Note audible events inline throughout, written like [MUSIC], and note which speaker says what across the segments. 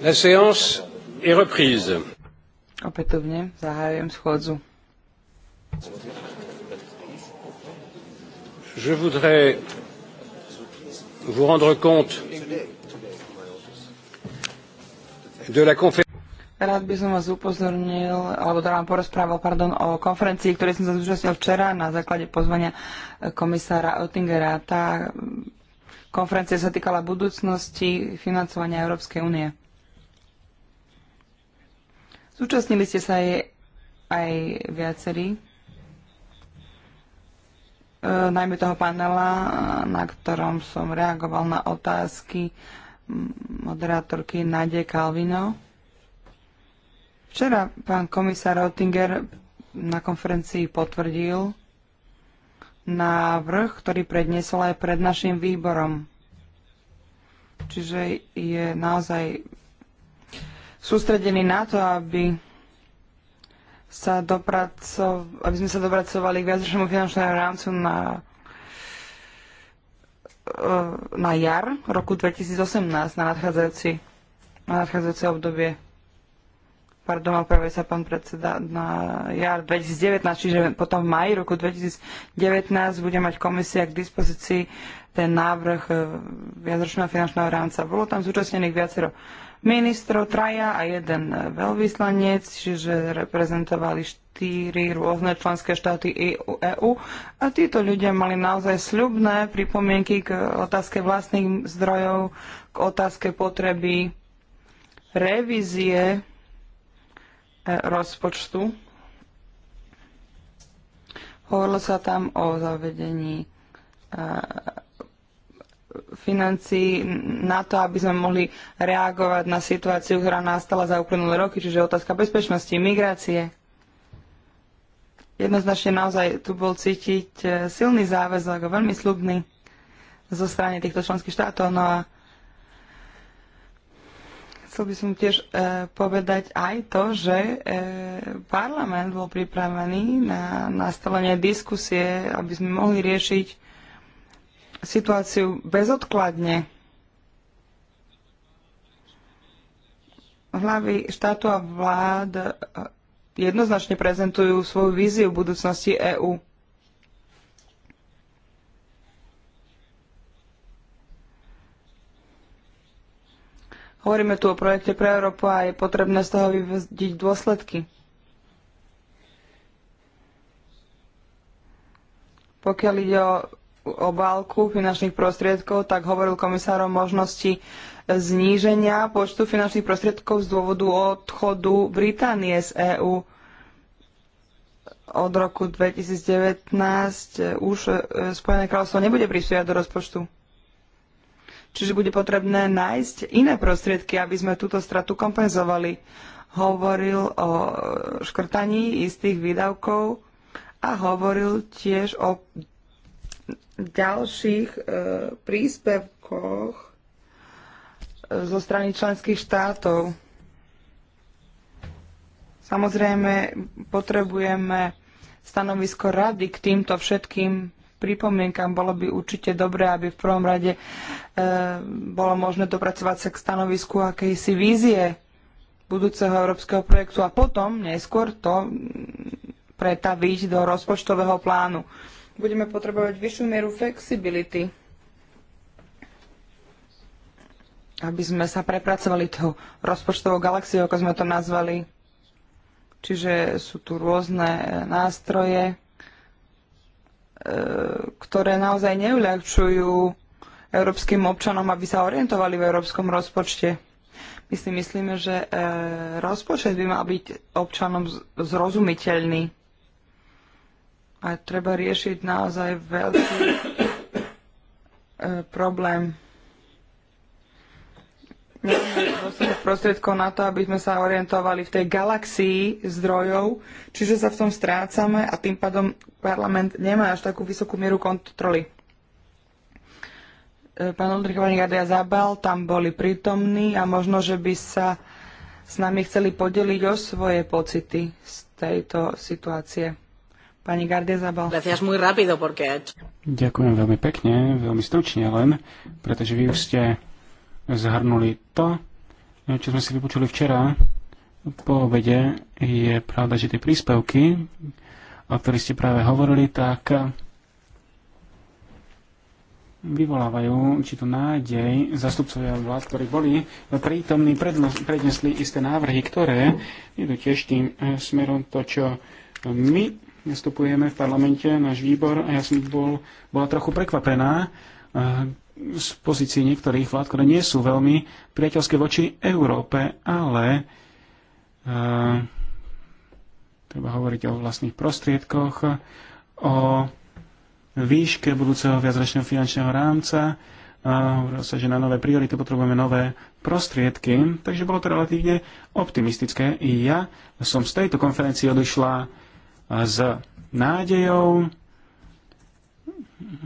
Speaker 1: La séance est reprise.
Speaker 2: Opätovne zahájujem schôdzu. Je voudrais
Speaker 1: vous rendre compte
Speaker 3: de la conférence.
Speaker 2: Rád by som vás upozornil, alebo dám teda porozprával, pardon, o konferencii, ktorej som sa zúčastnil včera na základe pozvania komisára Oettingera. Tá konferencia sa týkala budúcnosti financovania Európskej únie. Zúčastnili ste sa aj, aj viacerí, e, najmä toho panela, na ktorom som reagoval na otázky moderátorky Nadie Kalvino. Včera pán komisár Oettinger na konferencii potvrdil návrh, ktorý predniesol aj pred našim výborom. Čiže je naozaj sústredení na to, aby sa dopracov, aby sme sa dopracovali k viacročnému finančnému rámcu na, e, na jar roku 2018, na nadchádzajúci, na nadchádzajúce obdobie. Pardon, opravuje sa pán predseda na jar 2019, čiže potom v maji roku 2019 bude mať komisia k dispozícii ten návrh e, viacročného finančného rámca. Bolo tam zúčastnených viacero ministrov, traja a jeden veľvyslanec, čiže reprezentovali štyri rôzne členské štáty EU. E a títo ľudia mali naozaj sľubné pripomienky k otázke vlastných zdrojov, k otázke potreby revízie e, rozpočtu. Hovorilo sa tam o zavedení e, financií na to, aby sme mohli reagovať na situáciu, ktorá nastala za uplynulé roky, čiže otázka bezpečnosti, migrácie. Jednoznačne naozaj tu bol cítiť e, silný záväzok, veľmi slubný zo strany týchto členských štátov. No a chcel by som tiež e, povedať aj to, že e, parlament bol pripravený na nastavenie diskusie, aby sme mohli riešiť situáciu bezodkladne. Hlavy štátu a vlád eh, jednoznačne prezentujú svoju víziu budúcnosti EÚ. Hovoríme tu o projekte pre Európu a je potrebné z toho vyvzdiť dôsledky. Pokiaľ ide o obálku finančných prostriedkov, tak hovoril komisár o možnosti zníženia počtu finančných prostriedkov z dôvodu odchodu Británie z EÚ od roku 2019 už e, Spojené kráľovstvo nebude prispievať do rozpočtu. Čiže bude potrebné nájsť iné prostriedky, aby sme túto stratu kompenzovali. Hovoril o škrtaní istých výdavkov a hovoril tiež o ďalších e, príspevkoch e, zo strany členských štátov. Samozrejme, potrebujeme stanovisko rady k týmto všetkým pripomienkam. Bolo by určite dobré, aby v prvom rade e, bolo možné dopracovať sa k stanovisku akejsi vízie budúceho európskeho projektu a potom neskôr to pretaviť do rozpočtového plánu. E, budeme potrebovať vyššiu mieru flexibility, aby sme sa prepracovali tou rozpočtovou galaxiou, ako sme to nazvali. Čiže sú tu rôzne e, nástroje, e, ktoré naozaj neuľahčujú európskym občanom, aby sa orientovali v európskom rozpočte. My si myslíme, že e, rozpočet by mal byť občanom zrozumiteľný a treba riešiť naozaj veľký e, problém prostriedkov na to, aby sme sa orientovali v tej galaxii zdrojov, čiže sa v tom strácame a tým pádom parlament nemá až takú vysokú mieru kontroly. E, pán Oldrich, pani Zabal tam boli prítomní a možno, že by sa s nami chceli podeliť o svoje pocity z tejto situácie. Pani Gardezabal.
Speaker 1: Ďakujem veľmi pekne, veľmi stručne len, pretože vy už ste zhrnuli to, čo sme si vypočuli včera po obede. Je pravda, že tie príspevky, o ktorých ste práve hovorili, tak vyvolávajú určitú nádej zastupcovia vlád, ktorí boli prítomní, prednesli isté návrhy, ktoré idú tiež tým smerom to, čo my nastupujeme v parlamente, náš výbor, a ja som bol, bola trochu prekvapená eh, z pozícií niektorých vlád, ktoré nie sú veľmi priateľské voči Európe, ale a, eh, treba hovoriť o vlastných prostriedkoch, o výške budúceho viacročného finančného rámca, hovorilo sa, že na nové priority potrebujeme nové prostriedky, takže bolo to relatívne optimistické. I ja som z tejto konferencie odišla s nádejou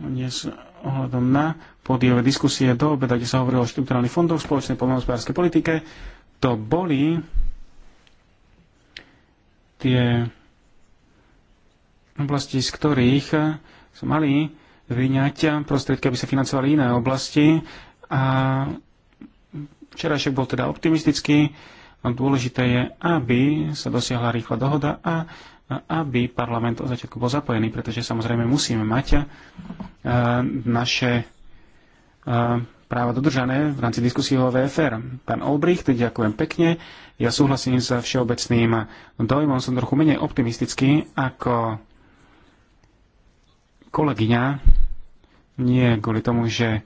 Speaker 1: dnes ohľadom na podieve diskusie do obeda, kde sa hovorilo o štruktúrálnych fondoch, spoločnej poľnohospodárskej politike. To boli tie oblasti, z ktorých sa mali vyňať prostriedky, aby sa financovali iné oblasti. A včerajšek bol teda optimistický. Dôležité je, aby sa dosiahla rýchla dohoda a aby parlament od začiatku bol zapojený, pretože samozrejme musíme mať e, naše e, práva dodržané v rámci diskusie o VFR. Pán Olbricht, ďakujem pekne. Ja súhlasím sa všeobecným dojmom, som trochu menej optimistický ako kolegyňa. Nie kvôli tomu, že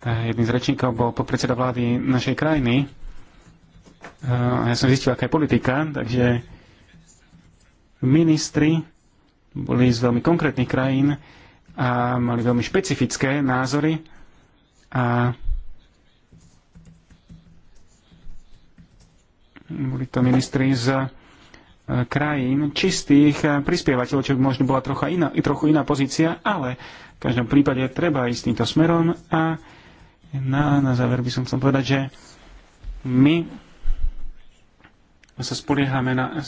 Speaker 1: jedným z rečníkov bol podpredseda vlády našej krajiny. E, ja som zistil, aká je politika, takže ministri boli z veľmi konkrétnych krajín a mali veľmi špecifické názory a boli to ministri z e, krajín čistých e, prispievateľov, čo by možno bola trocha iná, trochu iná pozícia, ale v každom prípade treba ísť týmto smerom a na, na záver by som chcel povedať, že my sa spoliehame na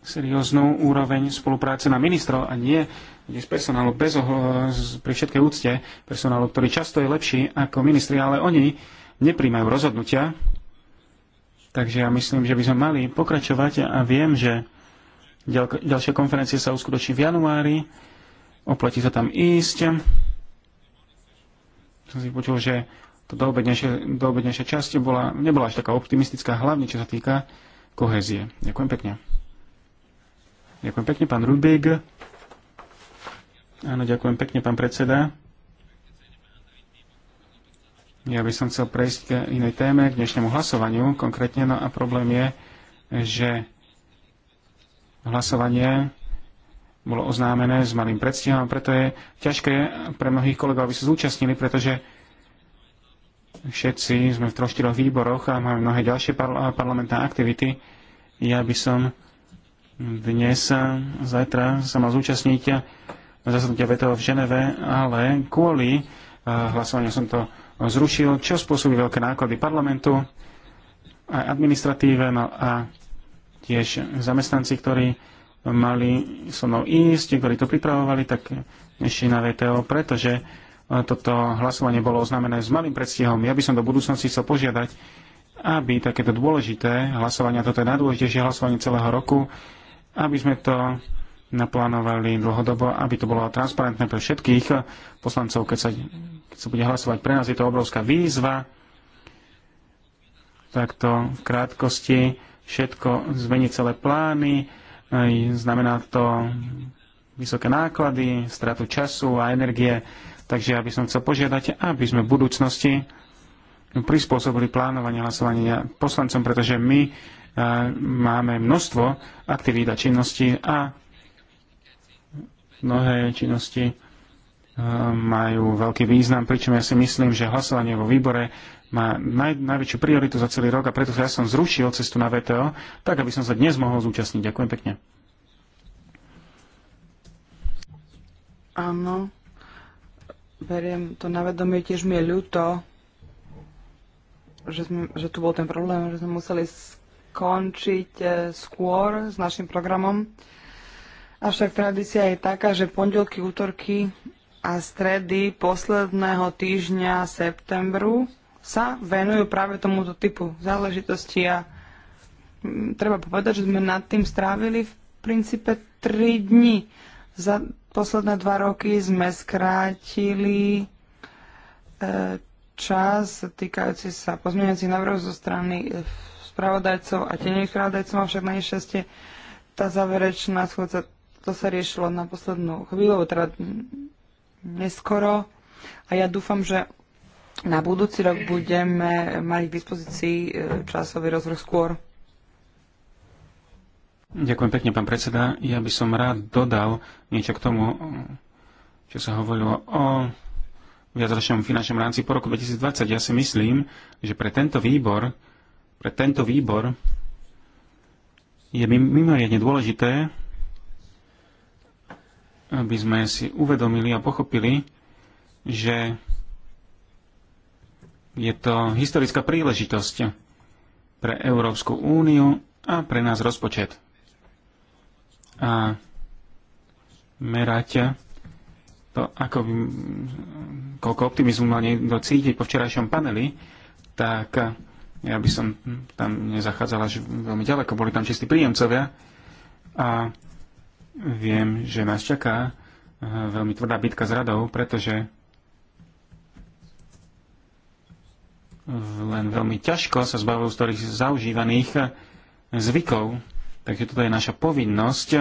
Speaker 1: serióznu úroveň spolupráce na ministrov a nie s z personálu bez oho- pri všetkej úcte personálu, ktorý často je lepší ako ministri, ale oni nepríjmajú rozhodnutia. Takže ja myslím, že by sme mali pokračovať a viem, že ďal- ďalšia konferencia sa uskutoční v januári. Oplatí sa tam ísť. Som si počul, že to doobednejšia, doobednejšia časť bola, nebola až taká optimistická, hlavne čo sa týka kohézie. Ďakujem pekne. Ďakujem pekne, pán Rubik. Áno, ďakujem pekne, pán predseda. Ja by som chcel prejsť k inej téme, k dnešnému hlasovaniu konkrétne. No a problém je, že hlasovanie bolo oznámené s malým predstihom, preto je ťažké pre mnohých kolegov, aby sa zúčastnili, pretože všetci sme v troch, výboroch a máme mnohé ďalšie parlamentné aktivity. Ja by som dnes, zajtra sa má zúčastniť zasadnutia VTO v Ženeve, ale kvôli eh, hlasovaniu som to zrušil, čo spôsobí veľké náklady parlamentu aj administratíve no a tiež zamestnanci, ktorí mali so mnou ísť, ktorí to pripravovali, tak ešte na VTO, pretože eh, toto hlasovanie bolo oznámené s malým predstihom. Ja by som do budúcnosti chcel požiadať, aby takéto dôležité hlasovanie, toto je najdôležitejšie hlasovanie celého roku, aby sme to naplánovali dlhodobo, aby to bolo transparentné pre všetkých poslancov, keď sa, keď sa bude hlasovať. Pre nás je to obrovská výzva, takto v krátkosti všetko zmení celé plány, znamená to vysoké náklady, stratu času a energie, takže ja by som chcel požiadať, aby sme v budúcnosti prispôsobili plánovanie hlasovania poslancom, pretože my máme množstvo aktivít a činností a mnohé činnosti e, majú veľký význam, pričom ja si myslím, že hlasovanie vo výbore má naj, najväčšiu prioritu za celý rok a preto ja som zrušil cestu na VTO, tak aby som sa dnes mohol zúčastniť. Ďakujem pekne.
Speaker 2: Áno, beriem to na vedomie, tiež mi je ľúto, že, sme, že tu bol ten problém, že sme museli skončiť e, skôr s našim programom. Avšak tradícia je taká, že pondelky, útorky a stredy posledného týždňa septembru sa venujú práve tomuto typu záležitosti a mm, treba povedať, že sme nad tým strávili v princípe 3 dni. Za posledné 2 roky sme skrátili e, čas týkajúci sa pozmeňujúcich návrhov zo strany spravodajcov a tenových spravodajcov, avšak na nešťastie tá záverečná schôdza, to sa riešilo na poslednú chvíľu, teda neskoro. A ja dúfam, že na budúci rok budeme mať k dispozícii e, časový rozvrh skôr.
Speaker 1: Ďakujem pekne, pán predseda. Ja by som rád dodal niečo k tomu, čo sa hovorilo o viacročnom finančnom rámci po roku 2020. Ja si myslím, že pre tento výbor pre tento výbor je mimoriadne dôležité, aby sme si uvedomili a pochopili, že je to historická príležitosť pre Európsku úniu a pre nás rozpočet. A merať to, ako, koľko optimizmu mal niekto cítiť po včerajšom paneli, tak ja by som tam nezachádzala až veľmi ďaleko, boli tam čistí príjemcovia a viem, že nás čaká eh, veľmi tvrdá bitka s radou, pretože len veľmi ťažko sa zbavujú z ktorých zaužívaných eh, zvykov. Takže toto je naša povinnosť,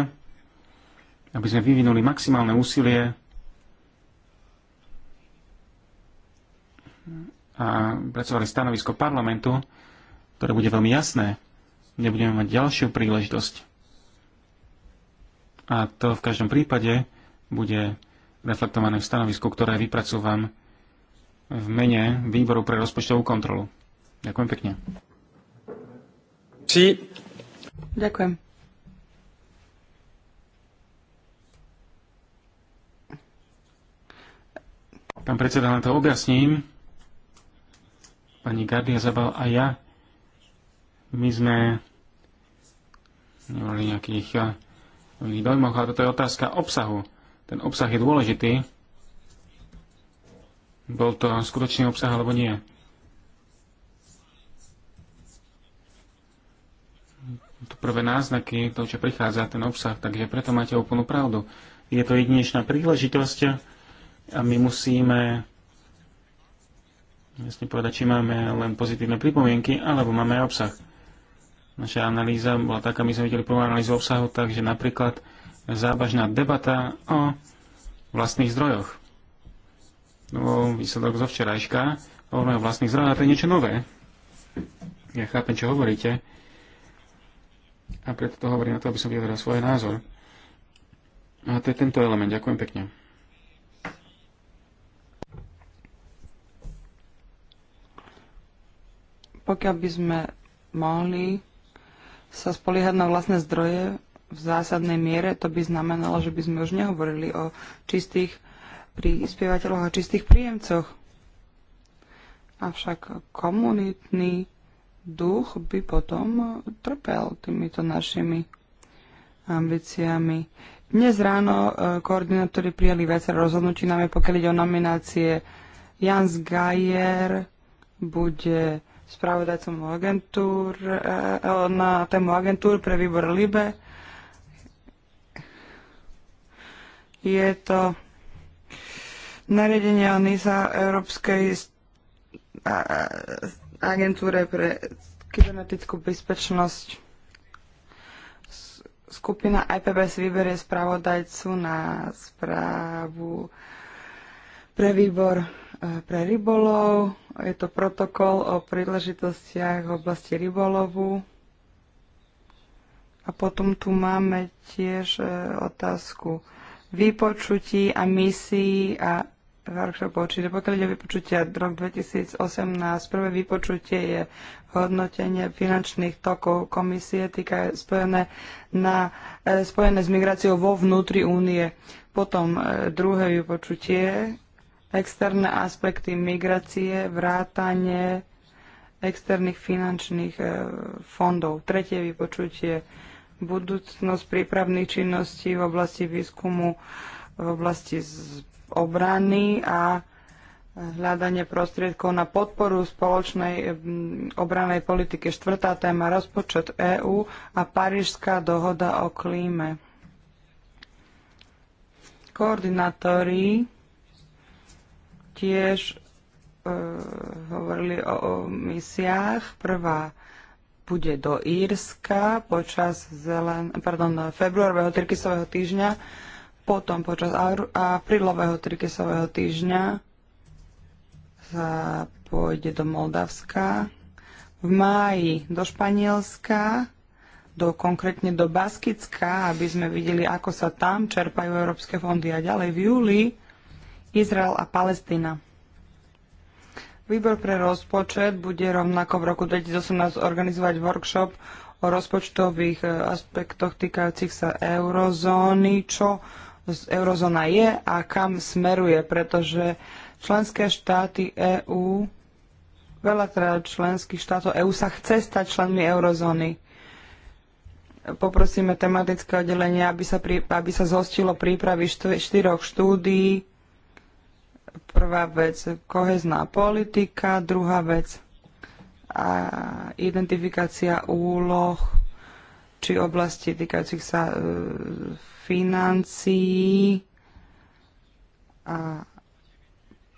Speaker 1: aby sme vyvinuli maximálne úsilie a pracovali stanovisko parlamentu, ktoré bude veľmi jasné. Nebudeme mať ďalšiu príležitosť. A to v každom prípade bude reflektované v stanovisku, ktoré vypracúvam v mene Výboru pre rozpočtovú kontrolu. Ďakujem pekne. Sí. Ďakujem. Pán predseda, len to objasním pani Gardia Zabal a ja, my sme hovorili eh, nejakých dojmoch, ale toto je otázka obsahu. Ten obsah je dôležitý. Bol to skutočný obsah alebo nie? To prvé náznaky, to, čo prichádza, ten obsah, takže preto máte úplnú pravdu. Je to jedinečná príležitosť a my musíme jasne povedať, či máme len pozitívne pripomienky, alebo máme aj obsah. Naša analýza bola taká, my sme videli prvú analýzu obsahu, takže napríklad závažná debata o vlastných zdrojoch. No, výsledok zo včerajška, hovoríme o vlastných zdrojoch, a to je niečo nové. Ja chápem, čo hovoríte. A preto to hovorím na to, aby som vyjadril svoj názor. A to je tento element. Ďakujem pekne.
Speaker 2: Pokiaľ by sme mohli sa spoliehať na vlastné zdroje v zásadnej miere, to by znamenalo, že by sme už nehovorili o čistých prispievateľoch a čistých príjemcoch. Avšak komunitný duch by potom trpel týmito našimi ambíciami. Dnes ráno e, koordinátori prijali viacero rozhodnutí, najmä pokiaľ ide o nominácie Jans Gajer bude spravodajcom agentúr, e, e, na tému agentúr pre výbor LIBE. Je to nariadenie o NISA Európskej agentúre pre kybernetickú bezpečnosť. Skupina IPBS vyberie spravodajcu na správu pre výbor Eh, pre rybolov. Je to protokol o príležitostiach v oblasti rybolovu. A potom tu máme tiež eh, otázku vypočutí a misií a workshopov. Čiže pokiaľ ide vypočutia rok 2018, prvé vypočutie je hodnotenie finančných tokov komisie týka spojené, na, eh, spojené s migráciou vo vnútri únie. Potom druhé vypočutie externé aspekty migrácie, vrátanie externých finančných e, fondov. Tretie vypočutie budúcnosť prípravných činností v oblasti výskumu, v oblasti obrany a hľadanie prostriedkov na podporu spoločnej e, obranej politiky. Štvrtá téma rozpočet EÚ a Parížská dohoda o klíme. Koordinátori tiež e, hovorili o, o misiách. Prvá bude do Írska počas zelen, pardon, februárového trikisového týždňa, potom počas aprílového trikisového týždňa sa pôjde do Moldavska, v máji do Španielska, do, konkrétne do Baskicka, aby sme videli, ako sa tam čerpajú európske fondy a ďalej v júli Izrael a Palestína. Výbor pre rozpočet bude rovnako v roku 2018 organizovať workshop o rozpočtových e, aspektoch týkajúcich sa eurozóny, čo eurozóna je a kam smeruje, pretože členské štáty EÚ, veľa teda členských štátov EÚ sa chce stať členmi eurozóny. Poprosíme tematické oddelenie, aby sa, pri, aby sa zhostilo prípravy štyroch štúdií, Prvá vec, kohezná politika, druhá vec, a identifikácia úloh či oblasti týkajúcich sa e, financií a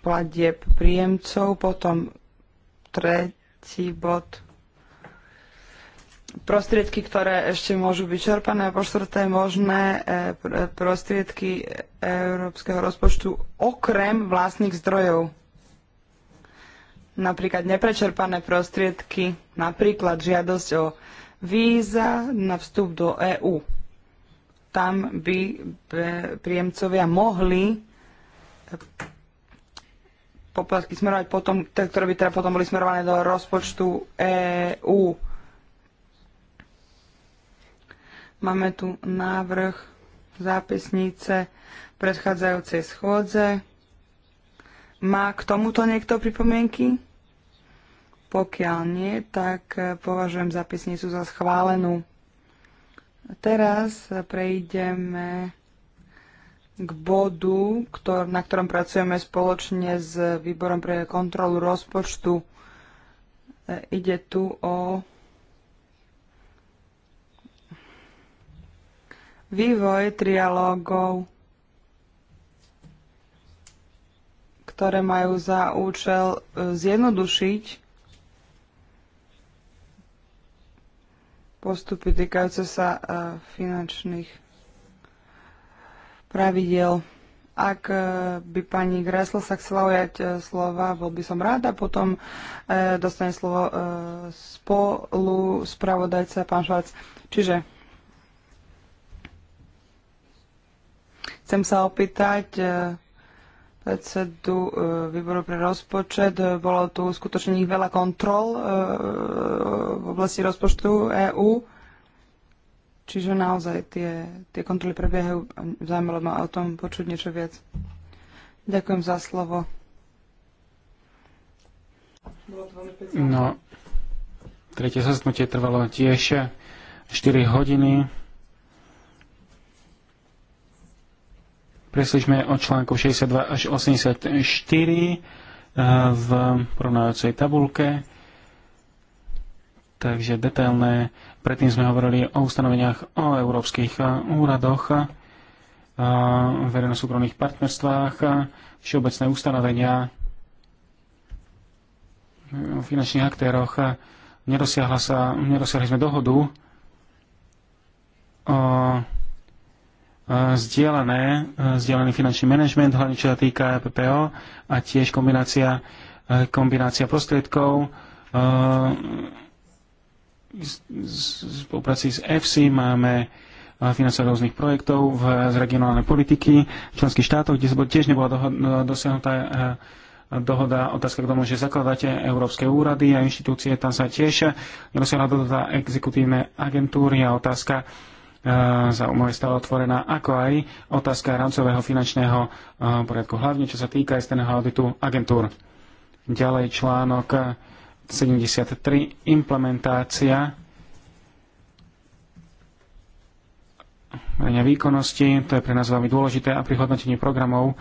Speaker 2: platieb príjemcov. Potom tretí bod prostriedky, ktoré ešte môžu byť čerpané a po štvrté možné e, prostriedky európskeho rozpočtu okrem vlastných zdrojov. Napríklad neprečerpané prostriedky, napríklad žiadosť o víza na vstup do EÚ. Tam by e, príjemcovia mohli e, poplatky smerovať potom, ktoré by teda potom boli smerované do rozpočtu EÚ Máme tu návrh zápisnice predchádzajúcej schôdze. Má k tomuto niekto pripomienky? Pokiaľ nie, tak považujem zápisnicu za schválenú. Teraz prejdeme k bodu, ktor- na ktorom pracujeme spoločne s Výborom pre kontrolu rozpočtu. E, ide tu o vývoj trialógov, ktoré majú za účel e, zjednodušiť postupy týkajúce sa e, finančných pravidel. Ak e, by pani Gressl sa chcela ujať slova, bol by som rád a potom dostane slovo spolu spravodajca pán Švác. Čiže Chcem sa opýtať e, predsedu e, výboru pre rozpočet. E, bolo tu skutočne veľa kontrol v oblasti rozpočtu EÚ. Čiže naozaj tie, tie kontroly prebiehajú. Zaujímalo ma o tom počuť niečo viac. Ďakujem za slovo.
Speaker 1: No, tretie zasnutie trvalo tiež 4 hodiny. Preslišme od článku 62 až 84 eh, v porovnávacej tabulke. Takže detailné. Predtým sme hovorili o ustanoveniach o európskych eh, úradoch, eh, verejno-súkromných partnerstvách, všeobecné ustanovenia o finančných aktéroch. Nedosiahla sa, nedosiahli sme dohodu o E, zdieľané, e, zdieľaný finančný manažment, hlavne čo sa týka e PPO a tiež kombinácia, kombinácia prostriedkov spolupráci s EFSI máme financovať rôznych projektov v, z regionálnej politiky členských štátov, kde tiež nebola dohod, dosiahnutá dohoda, otázka k tomu, že zakladáte európske úrady a inštitúcie, tam sa tiež nedosiahla dohoda exekutívne agentúry a otázka za umoje stále otvorená, ako aj otázka rámcového finančného poriadku, hlavne čo sa týka externého auditu agentúr. Ďalej článok 73, implementácia výkonnosti, to je pre nás veľmi dôležité a pri hodnotení programov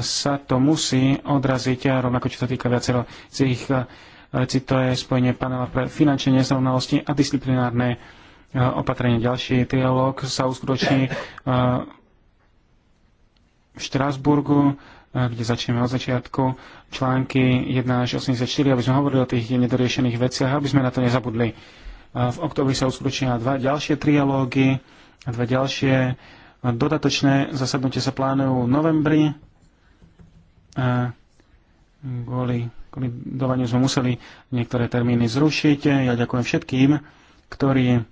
Speaker 1: sa to musí odraziť, rovnako čo sa týka viacero z ich, to je spojenie panela pre finančné nezrovnalosti a disciplinárne opatrenie. Ďalší trialóg sa uskutoční e, v Štrásburgu, e, kde začneme od začiatku články 1 až 84, aby sme hovorili o tých nedoriešených veciach, aby sme na to nezabudli. E, v oktobri sa uskutočnia dva ďalšie trialógy, dva ďalšie dodatočné zasadnutie sa plánujú v novembri. Kvôli kvôli kolidovaniu sme museli niektoré termíny zrušiť. Ja ďakujem všetkým, ktorí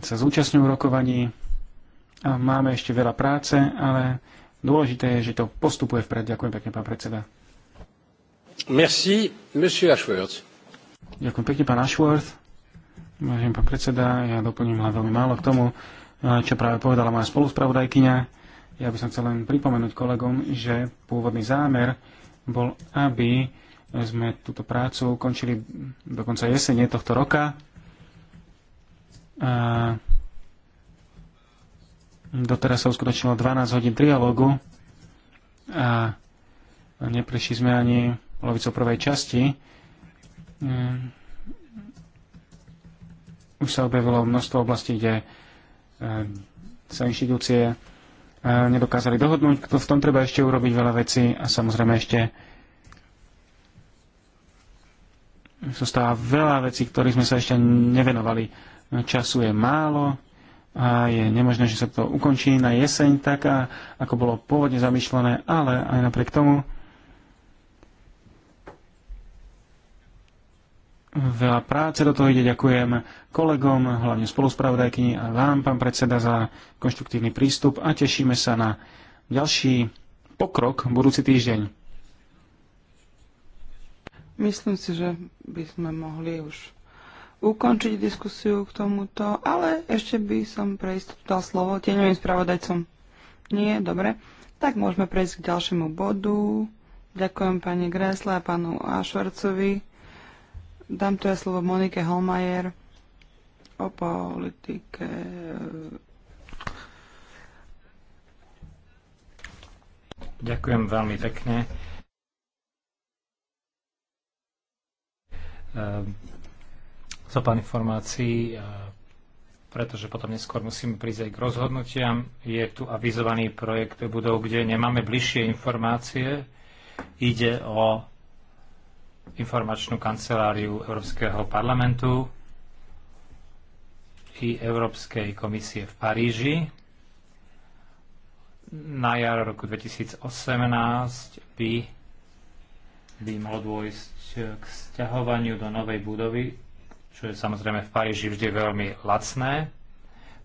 Speaker 1: sa zúčastňujú rokovaní. máme ešte veľa práce, ale dôležité je, že to postupuje vpred. Ďakujem pekne, pán predseda.
Speaker 3: Merci, monsieur Ashworth.
Speaker 1: Ďakujem pekne, pán Ashworth. Vážený pán predseda, ja doplním len veľmi málo k tomu, eh, čo práve povedala moja spoluspravodajkyňa. Ja by som chcel len pripomenúť kolegom, že pôvodný zámer bol, aby sme túto prácu ukončili do konca jesene tohto roka doteraz sa uskutočnilo 12 hodín trialógu a neprešli sme ani polovicou prvej časti. Už sa objavilo množstvo oblastí, kde e, sa inštitúcie e, nedokázali dohodnúť. V tom treba ešte urobiť veľa vecí a samozrejme ešte zostáva veľa vecí, ktorých sme sa ešte nevenovali času je málo a je nemožné, že sa to ukončí na jeseň tak, a, ako bolo pôvodne zamýšľané, ale aj napriek tomu veľa práce do toho ide. Ďakujem kolegom, hlavne spoluspravodajkyni a vám, pán predseda, za konštruktívny prístup a tešíme sa na ďalší pokrok budúci týždeň.
Speaker 2: Myslím si, že by sme mohli už ukončiť diskusiu k tomuto, ale ešte by som prejsť dal slovo tieňovým spravodajcom. Nie, dobre. Tak môžeme prejsť k ďalšiemu bodu. Ďakujem pani Gresle a pánu Ašvarcovi. Dám tu ja teda slovo Monike Holmajer
Speaker 3: o politike Ďakujem veľmi pekne. Ehm, zo pár informácií, e, pretože potom neskôr musíme prísť aj k rozhodnutiam. Je tu avizovaný projekt budov, kde nemáme bližšie informácie. Ide o informačnú kanceláriu Európskeho parlamentu i Európskej komisie v Paríži. Na jar roku 2018 by, by mohlo dôjsť k sťahovaniu do novej budovy čo je samozrejme v Paríži vždy veľmi lacné.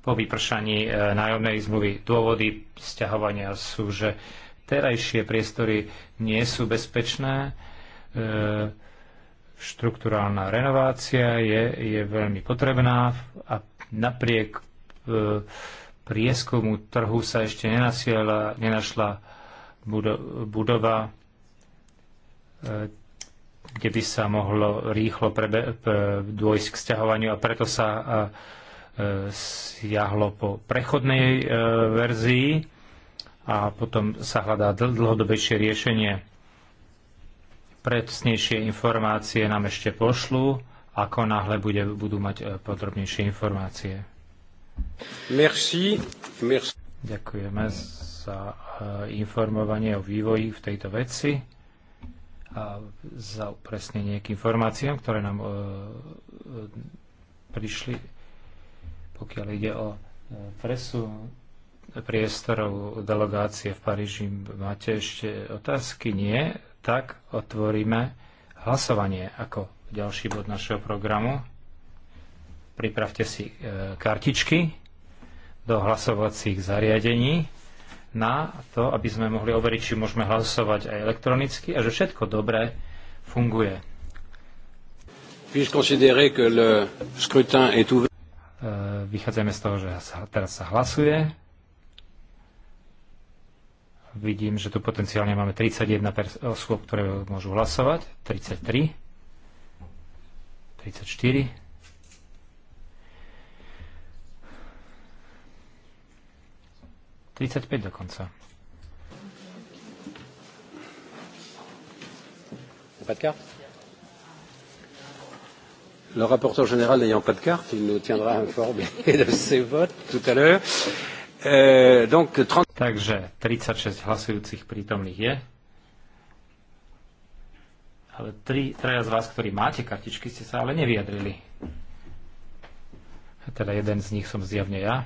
Speaker 3: Po vypršaní e, nájomnej zmluvy dôvody vzťahovania sú, že terajšie priestory nie sú bezpečné. E, štruktúrálna renovácia je, je veľmi potrebná a napriek e, prieskumu trhu sa ešte nenasiela, nenašla budova kde by sa mohlo rýchlo prebe- dôjsť k sťahovaniu a preto sa e, siahlo po prechodnej e, verzii a potom sa hľadá dl- dlhodobejšie riešenie. Presnejšie informácie nám ešte pošlu, ako náhle bude, budú mať e, podrobnejšie informácie. Merci. Merci. Ďakujeme za informovanie o vývoji v tejto veci za upresnenie k informáciám, ktoré nám e, e, prišli, pokiaľ ide o e, presu priestorov delegácie v Paríži. Máte ešte otázky? Nie? Tak otvoríme hlasovanie ako ďalší bod našeho programu. Pripravte si kartičky do hlasovacích zariadení na to, aby sme mohli overiť, či môžeme hlasovať aj elektronicky a že všetko dobre funguje. E, Vychádzame z toho, že teraz sa hlasuje. Vidím, že tu potenciálne máme 31 osôb, ktoré môžu hlasovať. 33. 34. 35 dokonca. Pas de carte Le rapporteur général n'ayant pas de carte, il nous tiendra informé [LAUGHS] de ses votes tout à l'heure. Euh, donc 30... Takže 36 hlasujúcich prítomných je. Ale tri, traja z vás, ktorí máte kartičky, ste sa ale nevyjadrili. Teda jeden z nich som zjavne ja.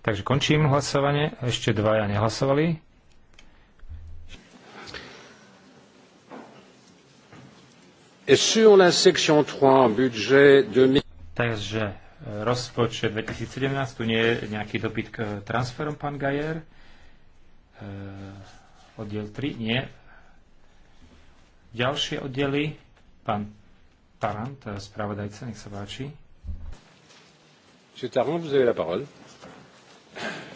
Speaker 3: Takže končím hlasovanie. Ešte dvaja nehlasovali. Sur la section 3, budget 2000... Takže e, rozpočet 2017, tu nie je nejaký dopyt k transferom, pán Gajer. E, oddiel 3, nie. Ďalšie oddiely, pán Tarant, spravodajca, nech sa páči. Monsieur Tarant, vous avez la parole.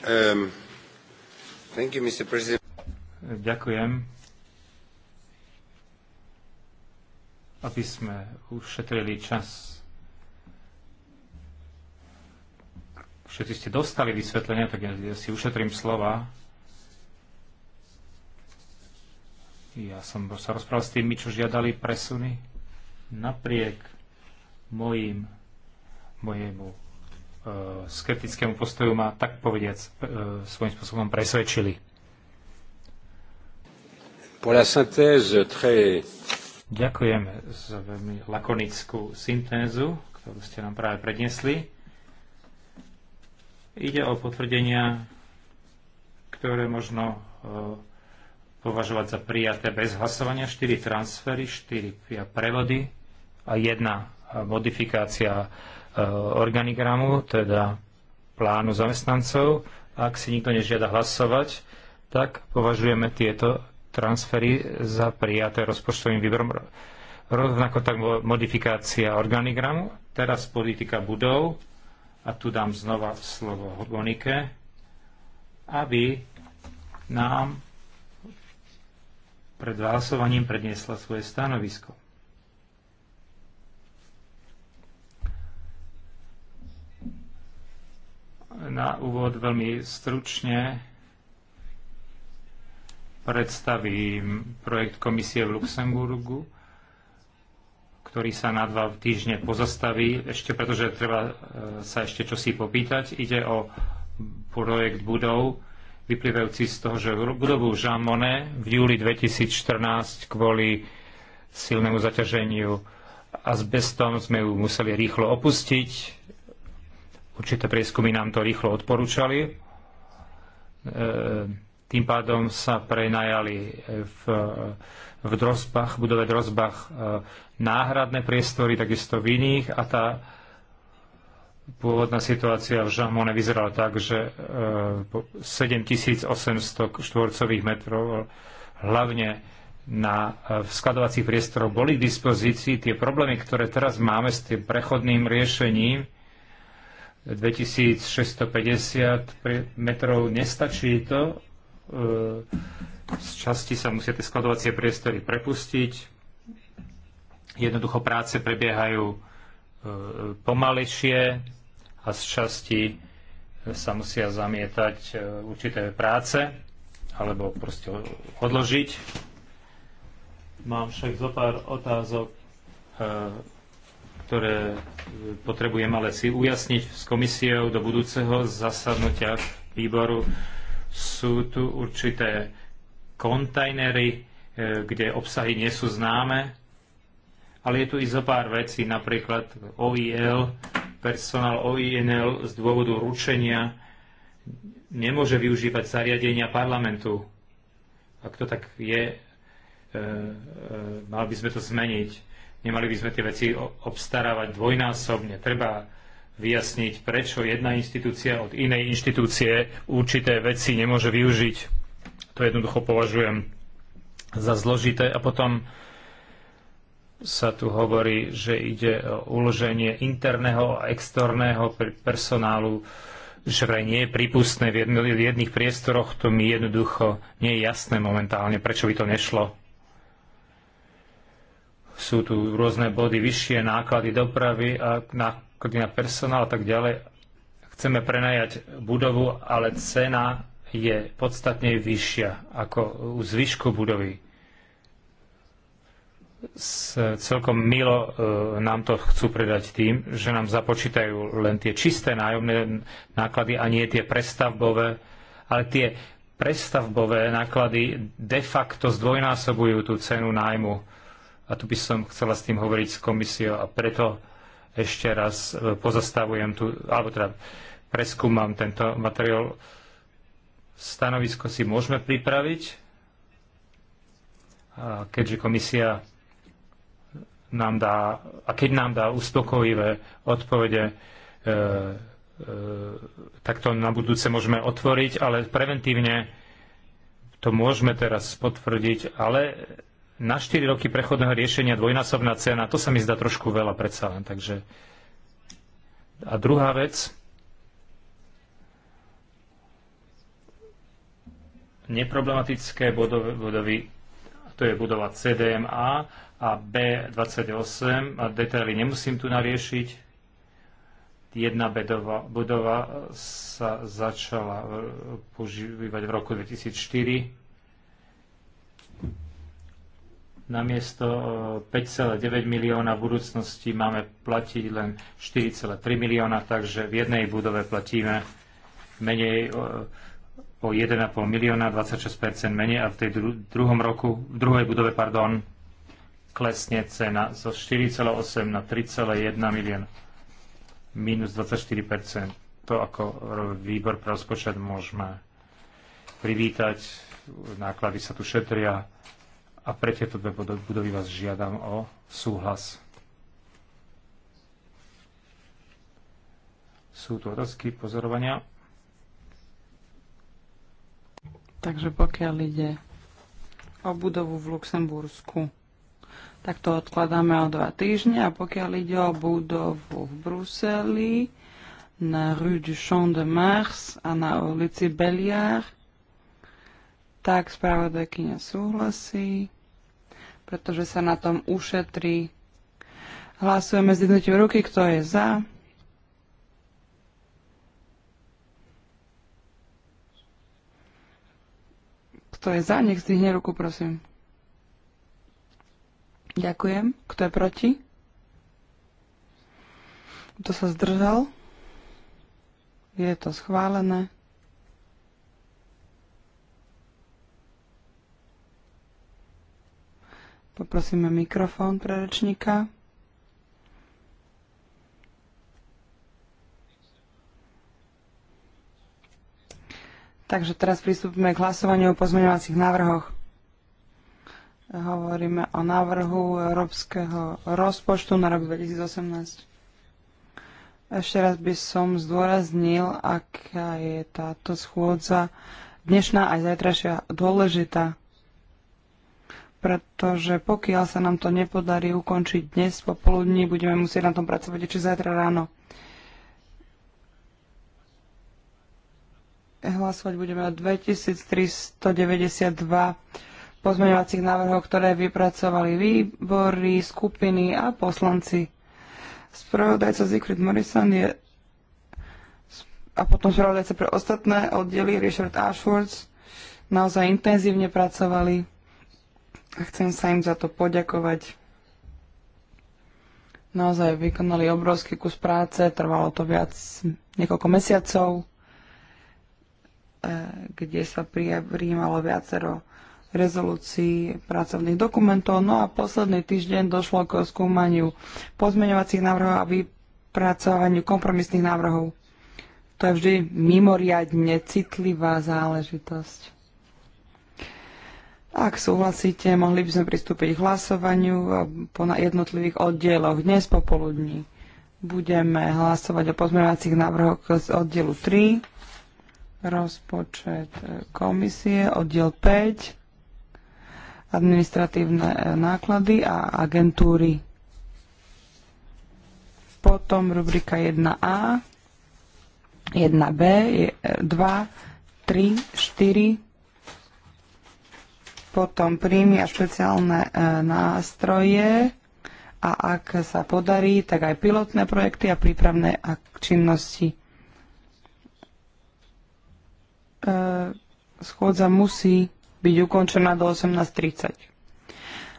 Speaker 3: Um, thank you, Mr. President. Ďakujem. Aby sme ušetrili čas. Všetci ste dostali vysvetlenia, tak ja si ušetrím slova. Ja som sa rozprával s tými, čo žiadali presuny. Napriek mojim, mojemu E, skeptickému postoju ma, tak povediac, e, svojím spôsobom presvedčili. Ďakujem za veľmi lakonickú syntézu, ktorú ste nám práve prednesli. Ide o potvrdenia, ktoré možno e, považovať za prijaté bez hlasovania. 4 transfery, 4 prevody a jedna modifikácia Eh, organigramu, teda plánu zamestnancov. Ak si nikto nežiada hlasovať, tak považujeme tieto transfery za prijaté rozpočtovým výborom. Rovnako tak modifikácia organigramu. Teraz politika budov. A tu dám znova slovo Honike, aby nám pred hlasovaním predniesla svoje stanovisko. na úvod veľmi stručne predstavím projekt komisie v Luxemburgu, ktorý sa na dva týždne pozastaví, ešte pretože treba e, sa ešte čosi popýtať. Ide o projekt budov, vyplývajúci z toho, že budovu Jean Monnet v júli 2014 kvôli silnému zaťaženiu azbestom sme ju museli rýchlo opustiť Určité prieskumy nám to rýchlo odporúčali. E, tým pádom sa prenajali v, v drozbách, budove drozbách e, náhradné priestory, takisto v iných a tá pôvodná situácia v žamone vyzerala tak, že 7800 e, štvorcových metrov hlavne na skladovacích priestoroch boli k dispozícii. Tie problémy, ktoré teraz máme s tým prechodným riešením, 2650 metrov nestačí to. E, z časti sa musia tie skladovacie priestory prepustiť. Jednoducho práce prebiehajú e, pomalejšie a z časti e, sa musia zamietať určité práce alebo proste odložiť. Mám však zo pár otázok ktoré e, potrebujem ale si ujasniť s komisiou do budúceho zasadnutia výboru. Sú tu určité kontajnery, e, kde obsahy nie sú známe, ale je tu i zo pár vecí, napríklad OIL, personál OINL z dôvodu ručenia nemôže využívať zariadenia parlamentu. Ak to tak je, e, mal by sme to zmeniť Nemali by sme tie veci obstarávať dvojnásobne. Treba vyjasniť, prečo jedna inštitúcia od inej inštitúcie určité veci nemôže využiť. To jednoducho považujem za zložité. A potom sa tu hovorí, že ide o uloženie interného a externého personálu, že vraj nie je prípustné v jedných priestoroch. To mi jednoducho nie je jasné momentálne, prečo by to nešlo. Sú tu rôzne body, vyššie náklady dopravy a náklady na personál a tak ďalej. Chceme prenajať budovu, ale cena je podstatne vyššia ako u zvyšku budovy. S, celkom milo e, nám to chcú predať tým, že nám započítajú len tie čisté nájomné náklady a nie tie prestavbové, ale tie prestavbové náklady de facto zdvojnásobujú tú cenu nájmu a tu by som chcela s tým hovoriť s komisiou a preto ešte raz e, pozastavujem tu, alebo teda preskúmam tento materiál. Stanovisko si môžeme pripraviť, a keďže komisia nám dá, a keď nám dá uspokojivé odpovede, e, e, tak to na budúce môžeme otvoriť, ale preventívne to môžeme teraz potvrdiť, ale na 4 roky prechodného riešenia dvojnásobná cena, to sa mi zdá trošku veľa predsa len. Takže... A druhá vec, neproblematické bodovy, bodovy to je budova CDMA a B28, a detaily nemusím tu nariešiť. Jedna bedova, budova sa začala používať v roku 2004 namiesto 5,9 milióna v budúcnosti máme platiť len 4,3 milióna, takže v jednej budove platíme menej o 1,5 milióna, 26% menej a v tej druhom roku, v druhej budove, pardon, klesne cena zo 4,8 na 3,1 milión, minus 24%. To ako výbor pre rozpočet môžeme privítať, náklady sa tu šetria, a pre tieto dve budovy vás žiadam o súhlas. Sú tu otázky, pozorovania?
Speaker 2: Takže pokiaľ ide o budovu v Luxembursku, tak to odkladáme o dva týždne a pokiaľ ide o budovu v Bruseli, na rue du Champ de Mars a na ulici Beliard, tak spravodajkynia súhlasí pretože sa na tom ušetrí. Hlasujeme s jednotím ruky, kto je za. Kto je za, nech zdvihne ruku, prosím. Ďakujem. Kto je proti? Kto sa zdržal? Je to schválené. Poprosíme mikrofón pre rečníka. Takže teraz pristúpime k hlasovaniu o pozmeňovacích návrhoch. Hovoríme o návrhu európskeho rozpočtu na rok 2018. Ešte raz by som zdôraznil, aká je táto schôdza dnešná aj zajtrajšia dôležitá pretože pokiaľ sa nám to nepodarí ukončiť dnes popoludní, budeme musieť na tom pracovať či zajtra ráno. Hlasovať budeme o 2392 pozmeňovacích návrhov, ktoré vypracovali výbory, skupiny a poslanci. Spravodajca Siegfried Morrison je a potom spravodajca pre ostatné oddely Richard Ashworth naozaj intenzívne pracovali a chcem sa im za to poďakovať. Naozaj vykonali obrovský kus práce, trvalo to viac niekoľko mesiacov, e, kde sa prijímalo viacero rezolúcií pracovných dokumentov. No a posledný týždeň došlo k skúmaniu pozmeňovacích návrhov a vypracovaniu kompromisných návrhov. To je vždy mimoriadne citlivá záležitosť. Ak súhlasíte, mohli by sme pristúpiť k hlasovaniu e, po jednotlivých oddieloch dnes popoludní. Budeme hlasovať o pozmeňovacích návrhoch z oddielu 3, rozpočet e, komisie, oddiel 5, administratívne e, náklady a agentúry. Potom rubrika 1a, 1b, 2, 3, 4, potom príjmy a špeciálne e, nástroje a ak sa podarí, tak aj pilotné projekty a prípravné činnosti. E, schôdza musí byť ukončená do 18.30.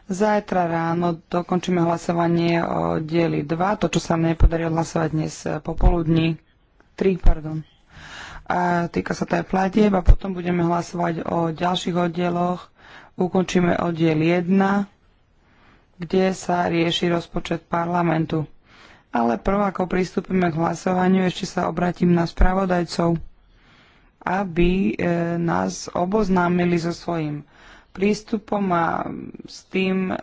Speaker 2: Zajtra ráno dokončíme hlasovanie o dieli 2, to, čo sa nepodarilo hlasovať dnes e, popoludní. 3, pardon. A týka sa to aj platieb a potom budeme hlasovať o ďalších oddieloch ukončíme oddiel 1, kde sa rieši rozpočet parlamentu. Ale prv, ako pristúpime k hlasovaniu, ešte sa obratím na spravodajcov, aby e, nás oboznámili so svojím prístupom a s tým, e,